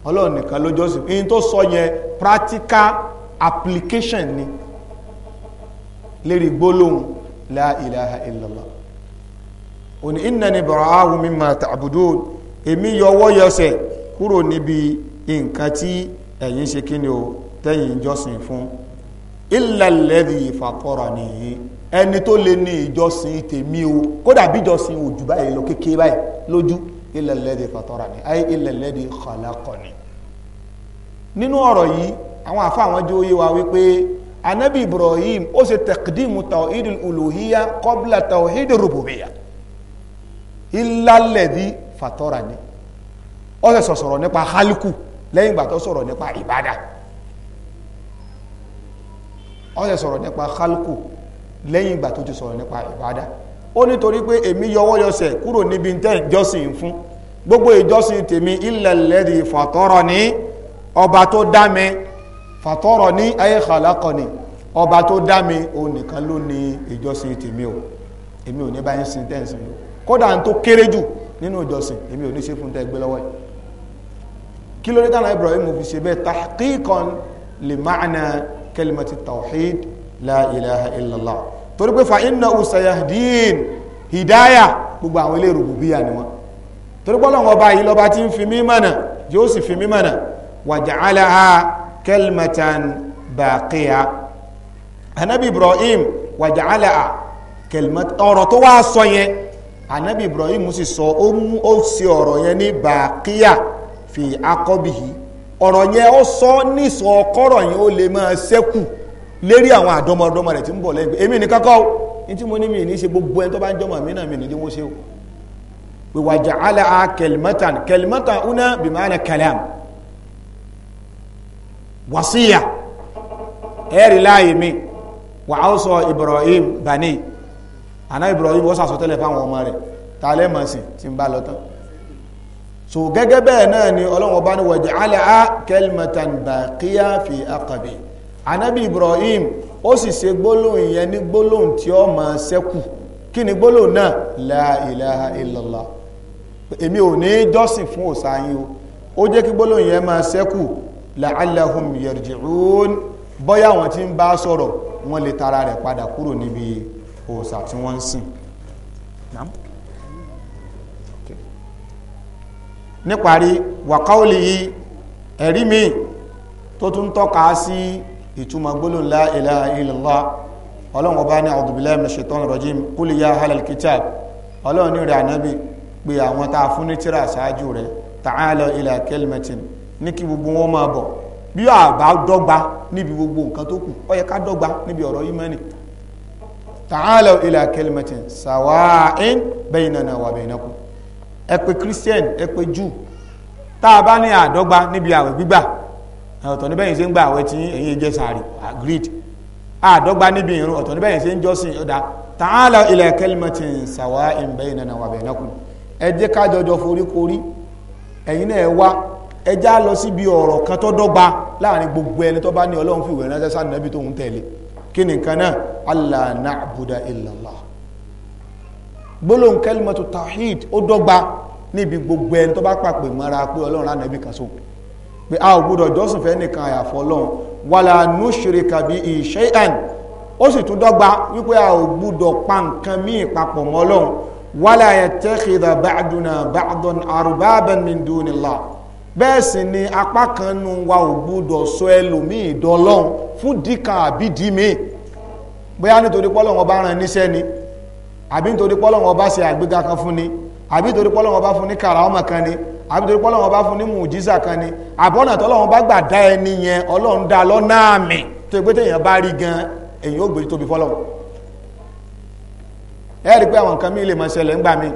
ọlọ́run nìkan ló in tó sọ yẹn practical application ni lérí gbólóhùn la ilaha illallah òní innani bara'u mimma ta'budun èmi yọwọ́ yọsẹ̀ kúrò níbi nǹkan tí ẹ̀yin ṣe kí ni o tẹ́yìn jọ́sìn fún illa alladhi fatarani ẹni tó lè ní ìjọsìn tèmi o kódà bí ìjọsìn òjò báyìí lọ kékeré báyìí lójú illa alladhi fatarani ay illa alladhi khalaqani nínú ọ̀rọ̀ yìí àwọn àfa àwọn jẹ́ òye wa wípé anabi ibrahim ó ṣe taqdimu tawhidul uluhiyya qabla tawhidul rububiyya ilalẹ̀dí fatọ́ra ni ó ṣe sọ̀sọ̀rọ̀ nípa hálíkù lẹ́yìn ìgbà tó sọ̀rọ̀ nípa ìbádà ó ṣe sọ̀rọ̀ nípa hálíkù lẹ́yìn ìgbà tó ti sọ̀rọ̀ nípa ìbádà ó nítorí pé èmi yọwọ́ yọsẹ̀ kúrò níbi tẹ́ ìjọsìn fún gbogbo ìjọsìn tèmi ilalẹ̀dí fatọ́ra ni ọba tó dá mi fàtọ́rọ̀ ní ayé kàlákọ̀ ni ọba tó dá mi òun nìkan ló ní ìjọsìn tèmi o èmi ò ní báyìí sin tẹ́ǹsìn o kódà n tó kéré jù nínú ìjọsìn èmi ò ní ṣe fún tẹ́gbẹ́ lọ́wọ́ kí ló dé Ibrahim fi ṣe bẹ́ẹ̀ tahqiqan li ma'na kalimati tawhid la ilaha illallah torí pé fa innahu sayahdin hidaya gbogbo àwọn ilé rububiyya ni wọn torí pé Ọlọ́hun lọ́ba tí ń fi mí mọ̀nà yóò sì fi mí mọ̀nà wa ja'alaha kalimatan baqiya anabi ibrahim wàjàálà kẹlìmọ ọ̀rọ̀ tó wá sọ yẹn anabi ibrahim sì sọ ó mú ó sì ọ̀rọ̀ yẹn ní bàkíyà fi akọbìyí ọ̀rọ̀ yẹn ó sọ nísọ ọkọrọ yẹn ó lè máa ṣẹ́kù lérí àwọn àdọmọdọmọ rẹ̀ tí ń bọ̀ lẹ́gbẹ̀ẹ́ èmi nìkan kọ́ ní tí mo ní mi ní ṣe gbogbo ẹni tó bá ń jọmọ mi náà mi nìdí wọn ṣe o wàjàálà kẹlìmọtàn kẹlìmọtàn una bìmọ̀ ana kàlàm wàsíyà ẹ̀rì láàyè mi wà á sọ Ibrahim bani àná Ibrahim wọ́n sàsọtẹ́lẹ̀ fáwọn ọmọ rẹ̀ ta lẹ́mọ̀ sí tí ń bá lọ tán so gẹ́gẹ́ bẹ́ẹ̀ náà ni Ọlọ́run bá ní wọ̀jẹ̀ aláà kẹlmẹ̀tàn bàkíyà fi àkàbẹ̀ anábì Ibrahim ó jẹ́ kí gbólóhùn yẹn máa ṣẹ́kù la'allahum yarji'un bọ́yá wọn tí ń bá sọ̀rọ̀ wọ́n lè tara rẹ̀ padà kúrò níbi òòsà tí wọ́n ń sìn níparí wàkáòlì yìí ẹ̀rí mi tó tún tọ́ka sí ìtumọ̀ gbólóhùn la ilaha illallah ọlọ́run ọba ní a'udhu billahi minash shaitani rajim qul ya ahlal kitab ọlọ́run ní rẹ̀ ànábì pé àwọn tá a fún ní tíra ṣáájú ta'ala ila kalimatin ní kí gbogbo wọn máa bọ̀ bí àbá dọ́gba níbi gbogbo nǹkan tó kù ó yẹ ká dọ́gba níbi ọ̀rọ̀ ila kalimatin sawa'in baynana wa baynakum ẹ pé christian ẹ pé jew tá a bá ní àdọ́gba níbi àwẹ̀ gbígbà ọ̀tọ̀ níbẹ̀ yìí ṣe ń gba àwẹ̀ tí jẹ́ sàárì agreed àdọ́gba níbi ọ̀tọ̀ níbẹ̀ yìí ṣe ń jọ́sìn ọ̀dà ẹ jẹ́ ká jọjọ náà wá ẹjá lọ síbi ọ̀rọ̀ kan tó dọ́gba láàrin gbogbo ẹni tó bá ní ọlọ́run fìwé ránṣẹ́ sáà nàbí tóun tẹ̀lé kí nìkan náà allah na'buda illallah gbólóhùn kalimatu tawhid ó dọ́gba níbi gbogbo ẹni tó bá pàpè mọ́ra pé ọlọ́run rán nàbí kan sóhun pé a ò gbọdọ̀ jọ́sìn fẹ́ nìkan àyàfọ́ ọlọ́run wala nushrika bihi shay'an ó sì tún dọ́gba wípé a ò gbọdọ̀ pa nǹkan míì papọ̀ mọ́ ọlọ́run wala yattakhidha ba'duna ba'dan arbaban min dunillah bẹ́ẹ̀ sì ni apá kan nu wa ò gbúdọ̀ sọ ẹlòmíì dọlọ́run fún díkà àbídí mi bóyá nítorí pọ́lọ́run ọba rán níṣẹ́ ni àbí nítorí pọ́lọ́run ọba ṣe àgbéga kan fún ni àbí nítorí pọ́lọ́run ọba fún ní kàràmà kan ni àbí nítorí pọ́lọ́run ọba fún ní mùjísà kan ni àbọ̀nà tọ́lọ́run bá gbà dá ẹni yẹn ọlọ́run dá lọ́nà àmì tó ẹgbẹ́ tẹ̀yàn bá rí gan èyí ó gbé tóbi fọ́lọ́run ẹ rí pé àwọn nǹkan mi lè máa ṣẹlẹ̀ ńgbà mi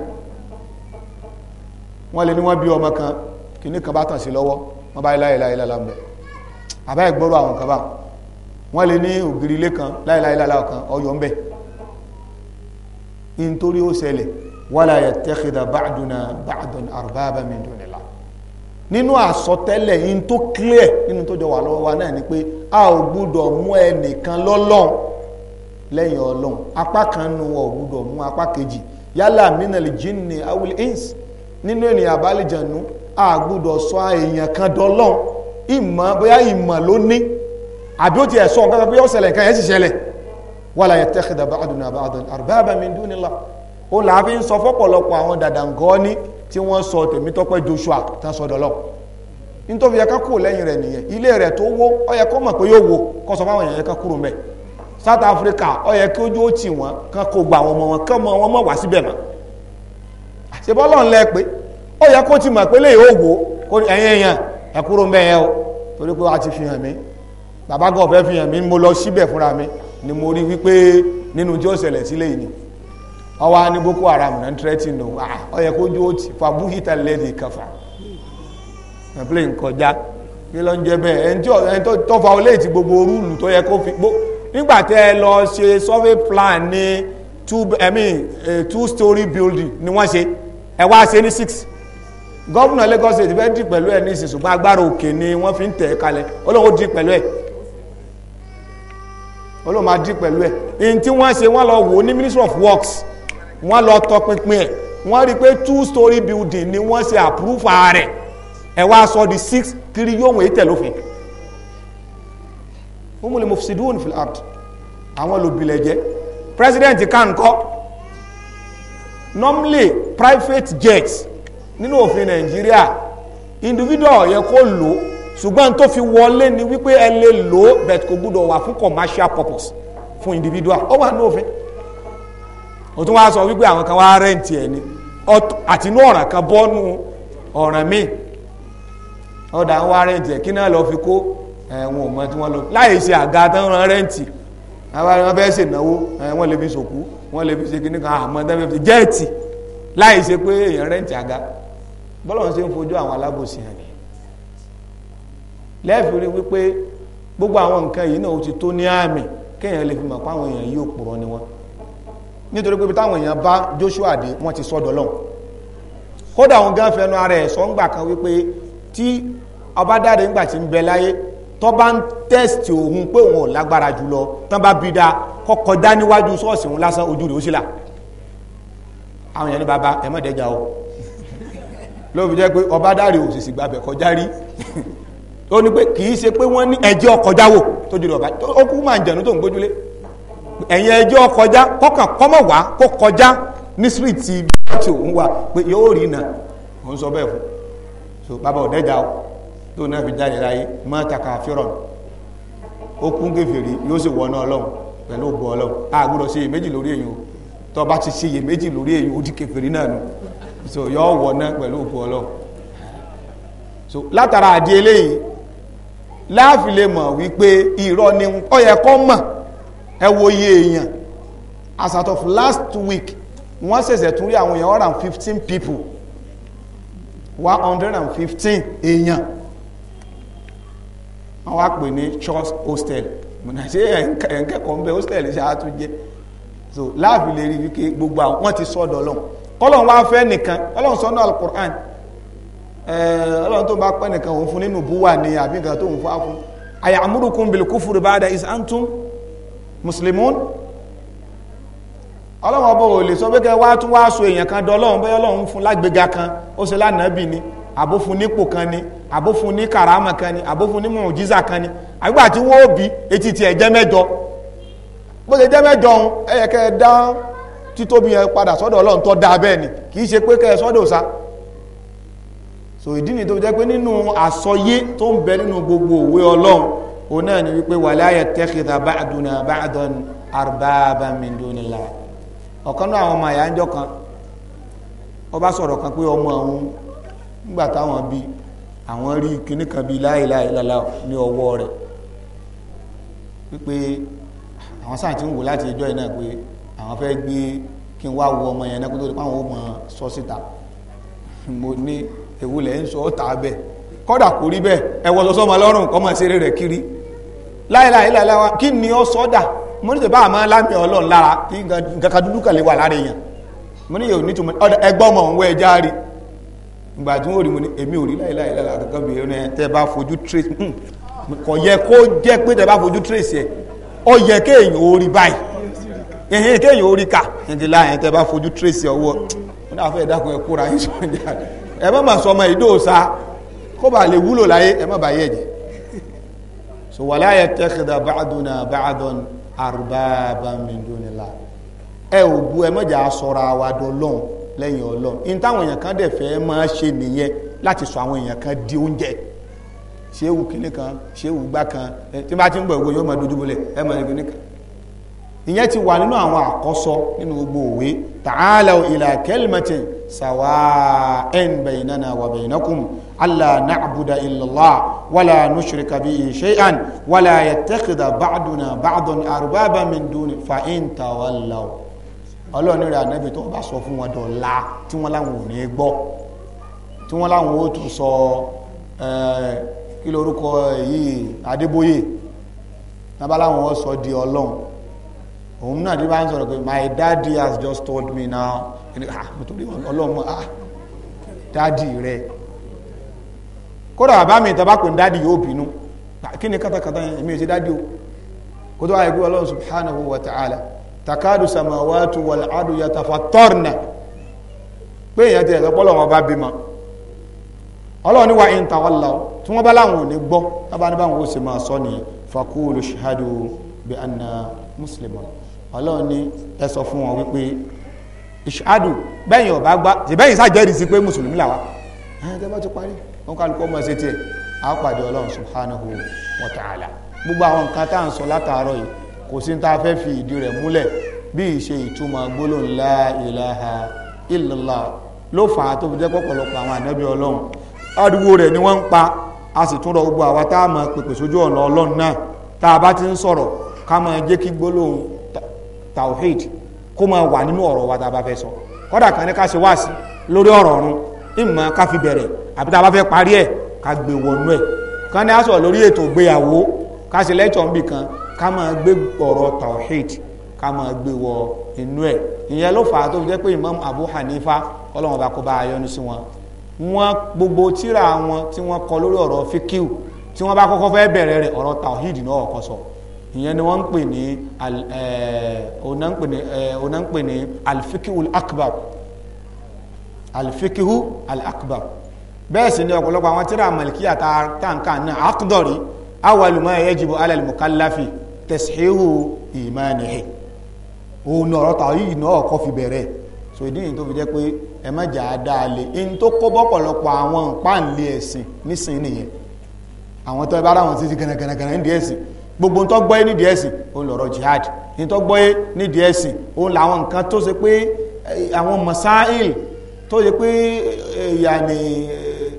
wọ́n lè ní wọ́n bí ọmọ kan kìíní kan bá tàn sí lọ́wọ́ wọ́n bá láìláìlá lámbẹ̀ àbá ìgbọ́rọ̀ àwọn kan bá wọ́n lè ní ògiri ilé kan láìláìlá kan ọyọ̀ ń bẹ̀ nítorí ó ṣẹlẹ̀ wala yattakhidha ba'duna ba'dan arbaban min dunillah nínú àsọtẹ́lẹ̀ yìí tó clear nínú tó jọ wà lọ́wọ́ wa náà ni pé a ò gbúdọ̀ mú ẹnìkan lọ́lọ́run lẹ́yìn ọlọ́run apá kan nu ọ̀ gbúdọ̀ mú apá kejì yálà minal jinni awil ins nínú ènìyàn àbálẹ̀jànú àgbúdọ̀ sọ èèyàn kan dọ́lọ́n ìmọ̀ bóyá ìmọ̀ ló ní àbí ó ti ẹ̀ sọ nǹkan kan bí ó ṣẹlẹ̀ nǹkan yẹn sì ṣẹlẹ̀ wala yattakhidha ba'duna ba'dan arbaban min dunillah ó làá fi ń sọ fọ́pọ̀lọpọ̀ àwọn dàdàǹgọ́ ní tí wọ́n sọ Tèmítọ́pẹ́ Joshua tán sọ dọ́lọ́n nítorí yẹ ká kúrò lẹ́yìn rẹ̀ nìyẹn ilé rẹ̀ tó wó ó yẹ kó mọ̀ pé yóò wó kó sọ fáwọn èèyàn yẹ kúrò mẹ́ South Africa ó yẹ kí ojú ó tì wọ́n kán kó gba àwọn ọmọ wọn kán mọ wọn mọ̀ wá síbẹ̀ mọ́ ṣe bọ́lọ́ọ̀ pé ó kó ti mọ̀ pé léyìí òwò kó ẹ̀yìn èèyàn yẹn o torí pé a ti fi hàn mí bàbá gan fi hàn mí mo lọ síbẹ̀ fúnra mi ni mo rí wípé nínú tí ó ṣẹlẹ̀ sílé yìí ni ọwọ́ á ní boko haram náà tẹ́tí nù kó jó fa lẹ́dí ẹ̀pẹ́lẹ̀ nkọjá kí ló ń jẹ bẹ́ẹ̀ ẹni tó fa olé ti gbogbo rúùlù tó yẹ kó fi lọ ṣe survey plan ní two, I mean, eh, two story building ni wọ́n ṣe gọ́vùnà Lagos state fẹ́ dì pẹ̀lú ẹ̀ ní ìsìn ṣùgbọ́n agbára òkè ni wọ́n fi ń tẹ̀ ẹ́ kalẹ̀ Ọlọ́run dì pẹ̀lú ẹ̀ Ọlọ́run máa dì pẹ̀lú ẹ̀ ní tí wọ́n ṣe wọ́n lọ wò ní Ministry of Works wọ́n lọ tọpinpin ẹ̀ wọ́n rí i pé two story building ni wọ́n ṣe àpúrúfà rẹ̀ ẹ̀ wá sọ di six tírílíọ̀nù èyí tẹ̀ lófin umul mufsidun fil ard àwọn olùbílẹ̀ jẹ́ president kan kọ́ normally private jets nínú òfin Nigeria. individual yẹ kó lò ṣùgbọ́n tó fi wọlé ni wípé ẹ lè lò ó but kò gbúdọ̀ wà fún commercial purpose fún individual ó wà ní òfin ó tún wá sọ wípé àwọn kan wá rẹ́ǹtì ẹ̀ ni àti inú ọ̀ràn kan bọ́nu ọ̀ràn míì ọ̀dà ń wá rẹ́ǹtì ẹ̀ kí náà lọ́ọ́ fi kó ẹ̀wọ̀n ọmọ tí wọ́n lọ láì ṣe àga tán ran rẹ́ǹtì àwọn fẹ́ ṣe náwó wọ́n lè fi ṣòkú wọ́n lè fi ṣe kíní kan àmọ́ tẹ́lẹ̀ fi jẹ́ẹ̀tì láì ṣe pé èèyàn rẹ́ǹtì àga bọ́lọ̀ ṣe ń fojú àwọn alábòsí hàn ní lẹ́ẹ̀fì rí wípé gbogbo àwọn nǹkan yìí náà ó ti tó ní àmì kéèyàn lè fi mọ̀ pé àwọn èèyàn yìí òpùrọ́ ni wọ́n nítorí pé táwọn èèyàn bá Joshua dé wọ́n ti sọ́dọ̀ lọ́hùn kódà àwọn gan fẹnu ara ẹ̀ sọ ń gbà kan wípé tí ọbadáre ńgbà tí ń bẹ láyé tó bá ń tẹ́sítì òun pé òun ò lágbára jùlọ tán bá bí da kọ́kọ́ dá níwájú ṣọ́ọ̀ṣì òun lásán ojú rẹ̀ ó sì àwọn èèyàn ní baba ẹ̀ mọ̀ dẹ́jà o ló fi jẹ́ pé ọba dáre òsìsì gbàbẹ̀ kọjá rí ó ní pé kì í ṣe pé wọ́n ní ẹjẹ́ ọkọjá wò tó jùlọ ọba ó kú máa ń jẹ̀nu tó ń gbójúlé ẹ̀yìn ẹjẹ́ ọkọjá kọ́kàn kọ́mọ̀ wá kó kọjá ní street ibi tí òun wà pé yóò rí iná òun sọ bẹ́ẹ̀ fún so bàbá ọ̀dẹ́jà o tó náà fi jáde láyé má taka fírọ̀n ó kún kèfèrí yóò sì wọná ọlọ́run pẹ̀lú ògbó ọlọ́run a gbọ́dọ̀ ṣe iyèméjì lórí èyí o tó bá ti ṣe iyèméjì lórí èyí o di kèfèrí náà nù so yọ wọ̀ náà pẹ̀lú òkú ọlọ́run so látara àdí eléyìí láàfi lè mọ̀ wípé irọ́ ni ó yẹ kó mọ̀ ẹ iye èèyàn as out of last week wọ́n ṣẹ̀ṣẹ̀ tún rí àwọn èèyàn one hundred and fifteen people one hundred and fifteen èèyàn wọ́n wá pè ní church hostel mọ̀nà ṣe ẹ̀ǹkẹ́kọ̀ọ́ ń bẹ hostel ṣáà tún jẹ́ so láàfi lè rí wípé gbogbo àwọn wọ́n ti sọ́dọ̀ ọlọ́run ọlọ́run wá fẹ́ nìkan ọlọ́run sọ́nà alukur'an eh, ọlọ́run tó bá pẹ́ nìkan òun fún nínú búwà ní àbí tó ń fọ́ fún àyà ba'da is antum muslimun ọlọ́run ọba ò lè sọ pé kẹ́ wá tún wá so èèyàn kan dọ́lọ́run ọlọ́run fún lágbèga kan ó ni àbó fún nípò kan ni àbó fún ní ni àbó títóbi yẹn padà sọ́dọ̀ ọlọ́run tó dáa bẹ́ẹ̀ ni kì í ṣe pé kẹ́ ẹ sọ́dọ̀ sá so ìdí ni tó jẹ́ pé nínú àsọyé tó ń bẹ nínú gbogbo òwe ọlọ́run o náà ni wípé wala yattakhidha ba'duna ba'dan arbaban min dunillah ọ̀kan náà àwọn ọmọ àyà ń jọ kan ó bá sọ̀rọ̀ kan pé ọmọ àwọn nígbà táwọn bí àwọn rí kinní kan bí la ilaha illallah ní ọwọ́ rẹ̀ wípé àwọn sáà ti ń wò láti ẹjọ́ yìí náà pé àwọn fẹ́ gbé kí n wá wo ọmọ yẹn tó di páwọn mọ sọ síta mo ní ewúlẹ̀ ń sọ ọ́ta bẹ́ẹ̀ kọ́dà kò rí bẹ́ẹ̀ ẹ̀wọ̀ sọ́sọ́ ọmọ kọ́ mọ̀ kiri kí ni ọ sọ́dà mo ní tẹ̀bá àmọ́ lámì ọlọ́run lára kí dúdú lè wà mo ní yóò ní tùmọ̀ òun ẹja rí ìgbà tí wọ́n rí mo ní èmi ò rí bí ìhìn kéèyàn orí kà ẹ̀ǹtì láàyè tẹ́ bá fojú tírèsì ọwọ́ wọn náà fẹ́ dákun ẹ̀ kóra yín sọ̀rọ̀ ní àná ẹ má mà sọ ọmọ ìdóòsa kó bá lè wúlò láyé ẹ má bà yẹ jẹ so wàlá yẹ tẹ́kìdà báàdùnà báàdùn àrùbáàbà mìndónìlá ẹ ò bu ẹ mọ̀jà sọ̀rọ̀ àwa dọ́lọ́n lẹ́yìn ọlọ́run in táwọn èèyàn kan dẹ̀ fẹ́ máa ṣe nìyẹn láti sọ àwọn èèyàn kan di oúnjẹ ṣéwù kìnnìkan ṣéwù gbá kan tí bá ti ń bọ̀ ìwé yóò máa dojú bolẹ̀ ẹ máa ní kìnnìkan ìyẹn ti wà nínú àwọn àkọ́sọ nínú gbogbo òwe ta'alaw ila kalimatin sawa'in baynana wa baynakum alla na'buda illallah wala nushrika bihi shay'an wala yattakhidha ba'duna ba'dan arbaban min duni fa in tawallaw ọlọ́ọ̀ni rẹ̀ ànábì tó bá sọ fún wọn dọ̀la tí wọ́n láwọn ò ní gbọ́ tí wọ́n láwọn ó tún sọ kí lórúkọ èyí adébóyè tábà láwọn ó sọ di ọlọ́run òun náà ti bá ń sọ̀rọ̀ pé my daddy has just told me now ah mo torí ọlọ́mọ ah daddy rẹ kódà bàbá mi ìta bá pè ní daddy yóò bínú kí ni kátàkátà yẹn èmi ò ṣe daddy o kó tó wáyé pé ọlọ́run subhanahu wa ta'ala takadu samawatu wal adu yatafattarna pé èèyàn ti ẹ̀sọ́ pọ́lọ́ wọn bá bímọ ọlọ́run ní wa in tawallaw tí wọ́n bá láwọn ò ní gbọ́ tábà ní báwọn ó sì máa sọ nìyẹn fakulu shahadu bi anna muslimun ọlọ́run ní ẹ sọ fún wọn wípé ìṣáàdù bẹ́yìn ọ̀bá gbá ṣèbẹ́yìn sájẹ́rìí sí pé mùsùlùmí làwà ẹ̀yìn tẹ́ bá ti parí wọn kálukọ́ mọ̀ ṣe tiẹ̀ á pàdé ọlọ́run subhanahu wa ta'ala gbogbo àwọn nǹkan tá à ń sọ látàárọ̀ yìí kò sí tá a fẹ́ fi ìdí rẹ̀ múlẹ̀ bí ìṣe ìtumọ̀ gbólóhùn la ilaha illallah ló fà á tó fi jẹ́ pọ̀pọ̀lọpọ̀ àwọn ànábì ọlọ́run ariwo rẹ̀ ni wọ́n ń pa a sì tún rọ gbogbo àwa tá a mọ̀ pèpè sójú ọ̀nà ọlọ́run náà tá a bá ti ń sọ̀rọ̀ ká máa jẹ́ kí gbólóhùn tawhid kó máa wà nínú ọ̀rọ̀ wa tá a bá fẹ́ sọ kódà kan ní ká ṣe wáàsí lórí ọ̀rọ̀ ọ̀run ìmọ̀ ká fi bẹ̀rẹ̀ àbí tá a bá fẹ́ parí ẹ̀ ká gbé wọnú ẹ̀ kan ní a sọ lórí ètò ìgbéyàwó ká ṣe lẹ́tọ̀ níbì kan ká máa gbé ọ̀rọ̀ tawhid ká máa gbé wọ inú ẹ̀ ìyẹn ló fà á tó fi jẹ́ pé Imam Abu Hanifa ọlọ́wọ́n bá kó bá a yọ́nú sí wọn wọn gbogbo tíra wọn tí wọ́n kọ lórí ọ̀rọ̀ fíkíù tí wọ́n bá kọ́kọ́ fẹ́ bẹ̀rẹ̀ rẹ̀ ọ̀rọ̀ tawhid náà kọ́ sọ̀rọ̀ ìyẹn ni wọ́n ń pè ní ọ̀nà ń pè ní alfikihu akbar alfikihu akbar bẹ́ẹ̀ sì ni ọ̀pọ̀lọpọ̀ àwọn tíra malikiya tàǹkà náà akdọ̀rí awalùmọ́ yajibu ala al-mukallafi tẹ̀síhù ìmánìhì òun ni ọ̀rọ̀ tàwọn yìí náà kọ́ fi bẹ̀rẹ̀ so ìdí yìí tó fi jẹ́ pé ẹ má jà á dáalé in tó kó bọ́pọ̀lọpọ̀ àwọn páàlì ẹ̀sìn nísìn nìyẹn àwọn tó ẹ bá ara wọn títí gẹnẹgẹnẹgẹnẹ ń di ẹ̀sìn gbogbo ń tó gbọ́yé nídìí ẹ̀sìn òun lọ̀rọ̀ jihad ní tó gbọ́yé nídìí ẹ̀sìn òun làwọn nǹkan tó ṣe pé eh, àwọn masáìl tó ṣe pé eh, yàní eh,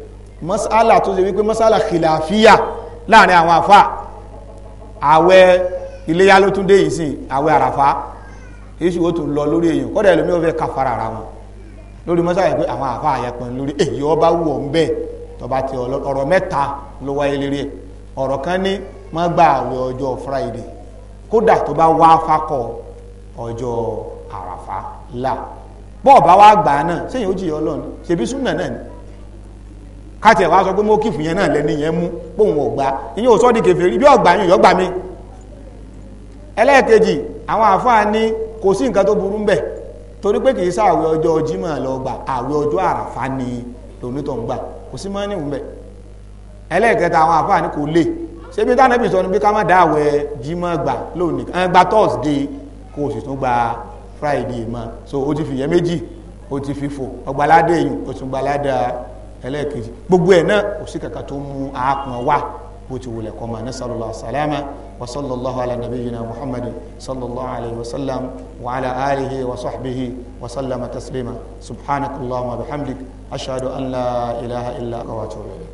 masala tó ṣe wípé masala kìláfíà láàrin àwọn àfà àwẹ̀ iléyà ló tún dé yìí sí àwẹ̀ àràfà èsù ó tún lọ lórí èèyàn kọ́dà ẹlòmí ó fẹ́ kàfàrà ara wọn lórí masala pé àwọn àfà àyẹ̀pọ̀ lórí èyí ọba wù ọ́ ń bẹ́ẹ̀ tọba ti ọ̀rọ̀ mẹ́ta ló wáyé lérí ọ̀rọ̀ kan ní má gba àwẹ̀ ọjọ́ friday kódà tó bá wá fakọ ọjọ́ àràfà là bọ́ ọ̀bá wa gbà á náà sẹ́yìn ó jìyà ọlọ́run ṣèbí súnà náà ni káàtì ẹ̀ sọ pé mo kì fún yẹn náà lẹ́ni yẹn mú póun ọ̀gbà ìyẹn ò sọ́ di kèfèrí bí ọ̀gbà yìí yọ̀gbà mi ẹlẹ́ẹ̀kejì àwọn àfáà ní kò sí nǹkan tó burú ń torí pé kìí sáàwẹ̀ ọjọ́ Jímọ̀ lọ gbà àwẹ̀ àràfà ni lónítọ̀ ń gbà kò sí mọ́ níwùú bẹ̀ ẹlẹ́ẹ̀kẹta àwọn àfáà ní kò lè ṣebí tánàbì sọ ní bí ká má dá àwẹ̀ jímọ̀ gbà lónìí gba thursday kó o sì tún gba friday mọ́ so o ti fìyẹ́ méjì o ti fi fò ọgbàládé èyàn o tún gbàládé ẹlẹ́ẹ̀kejì gbogbo ẹ̀ náà kò sí kankan tó mú àápọn wá bó ti wulẹ̀ kọ́ ma ní sallallahu salama wa sallallahu ala nabiyyina muhammad sallallahu alayhi wa sallam wa ala alihi wa sahbihi wa sallama taslima subhanakallahumma bihamdik ashhadu an la ilaha illa anta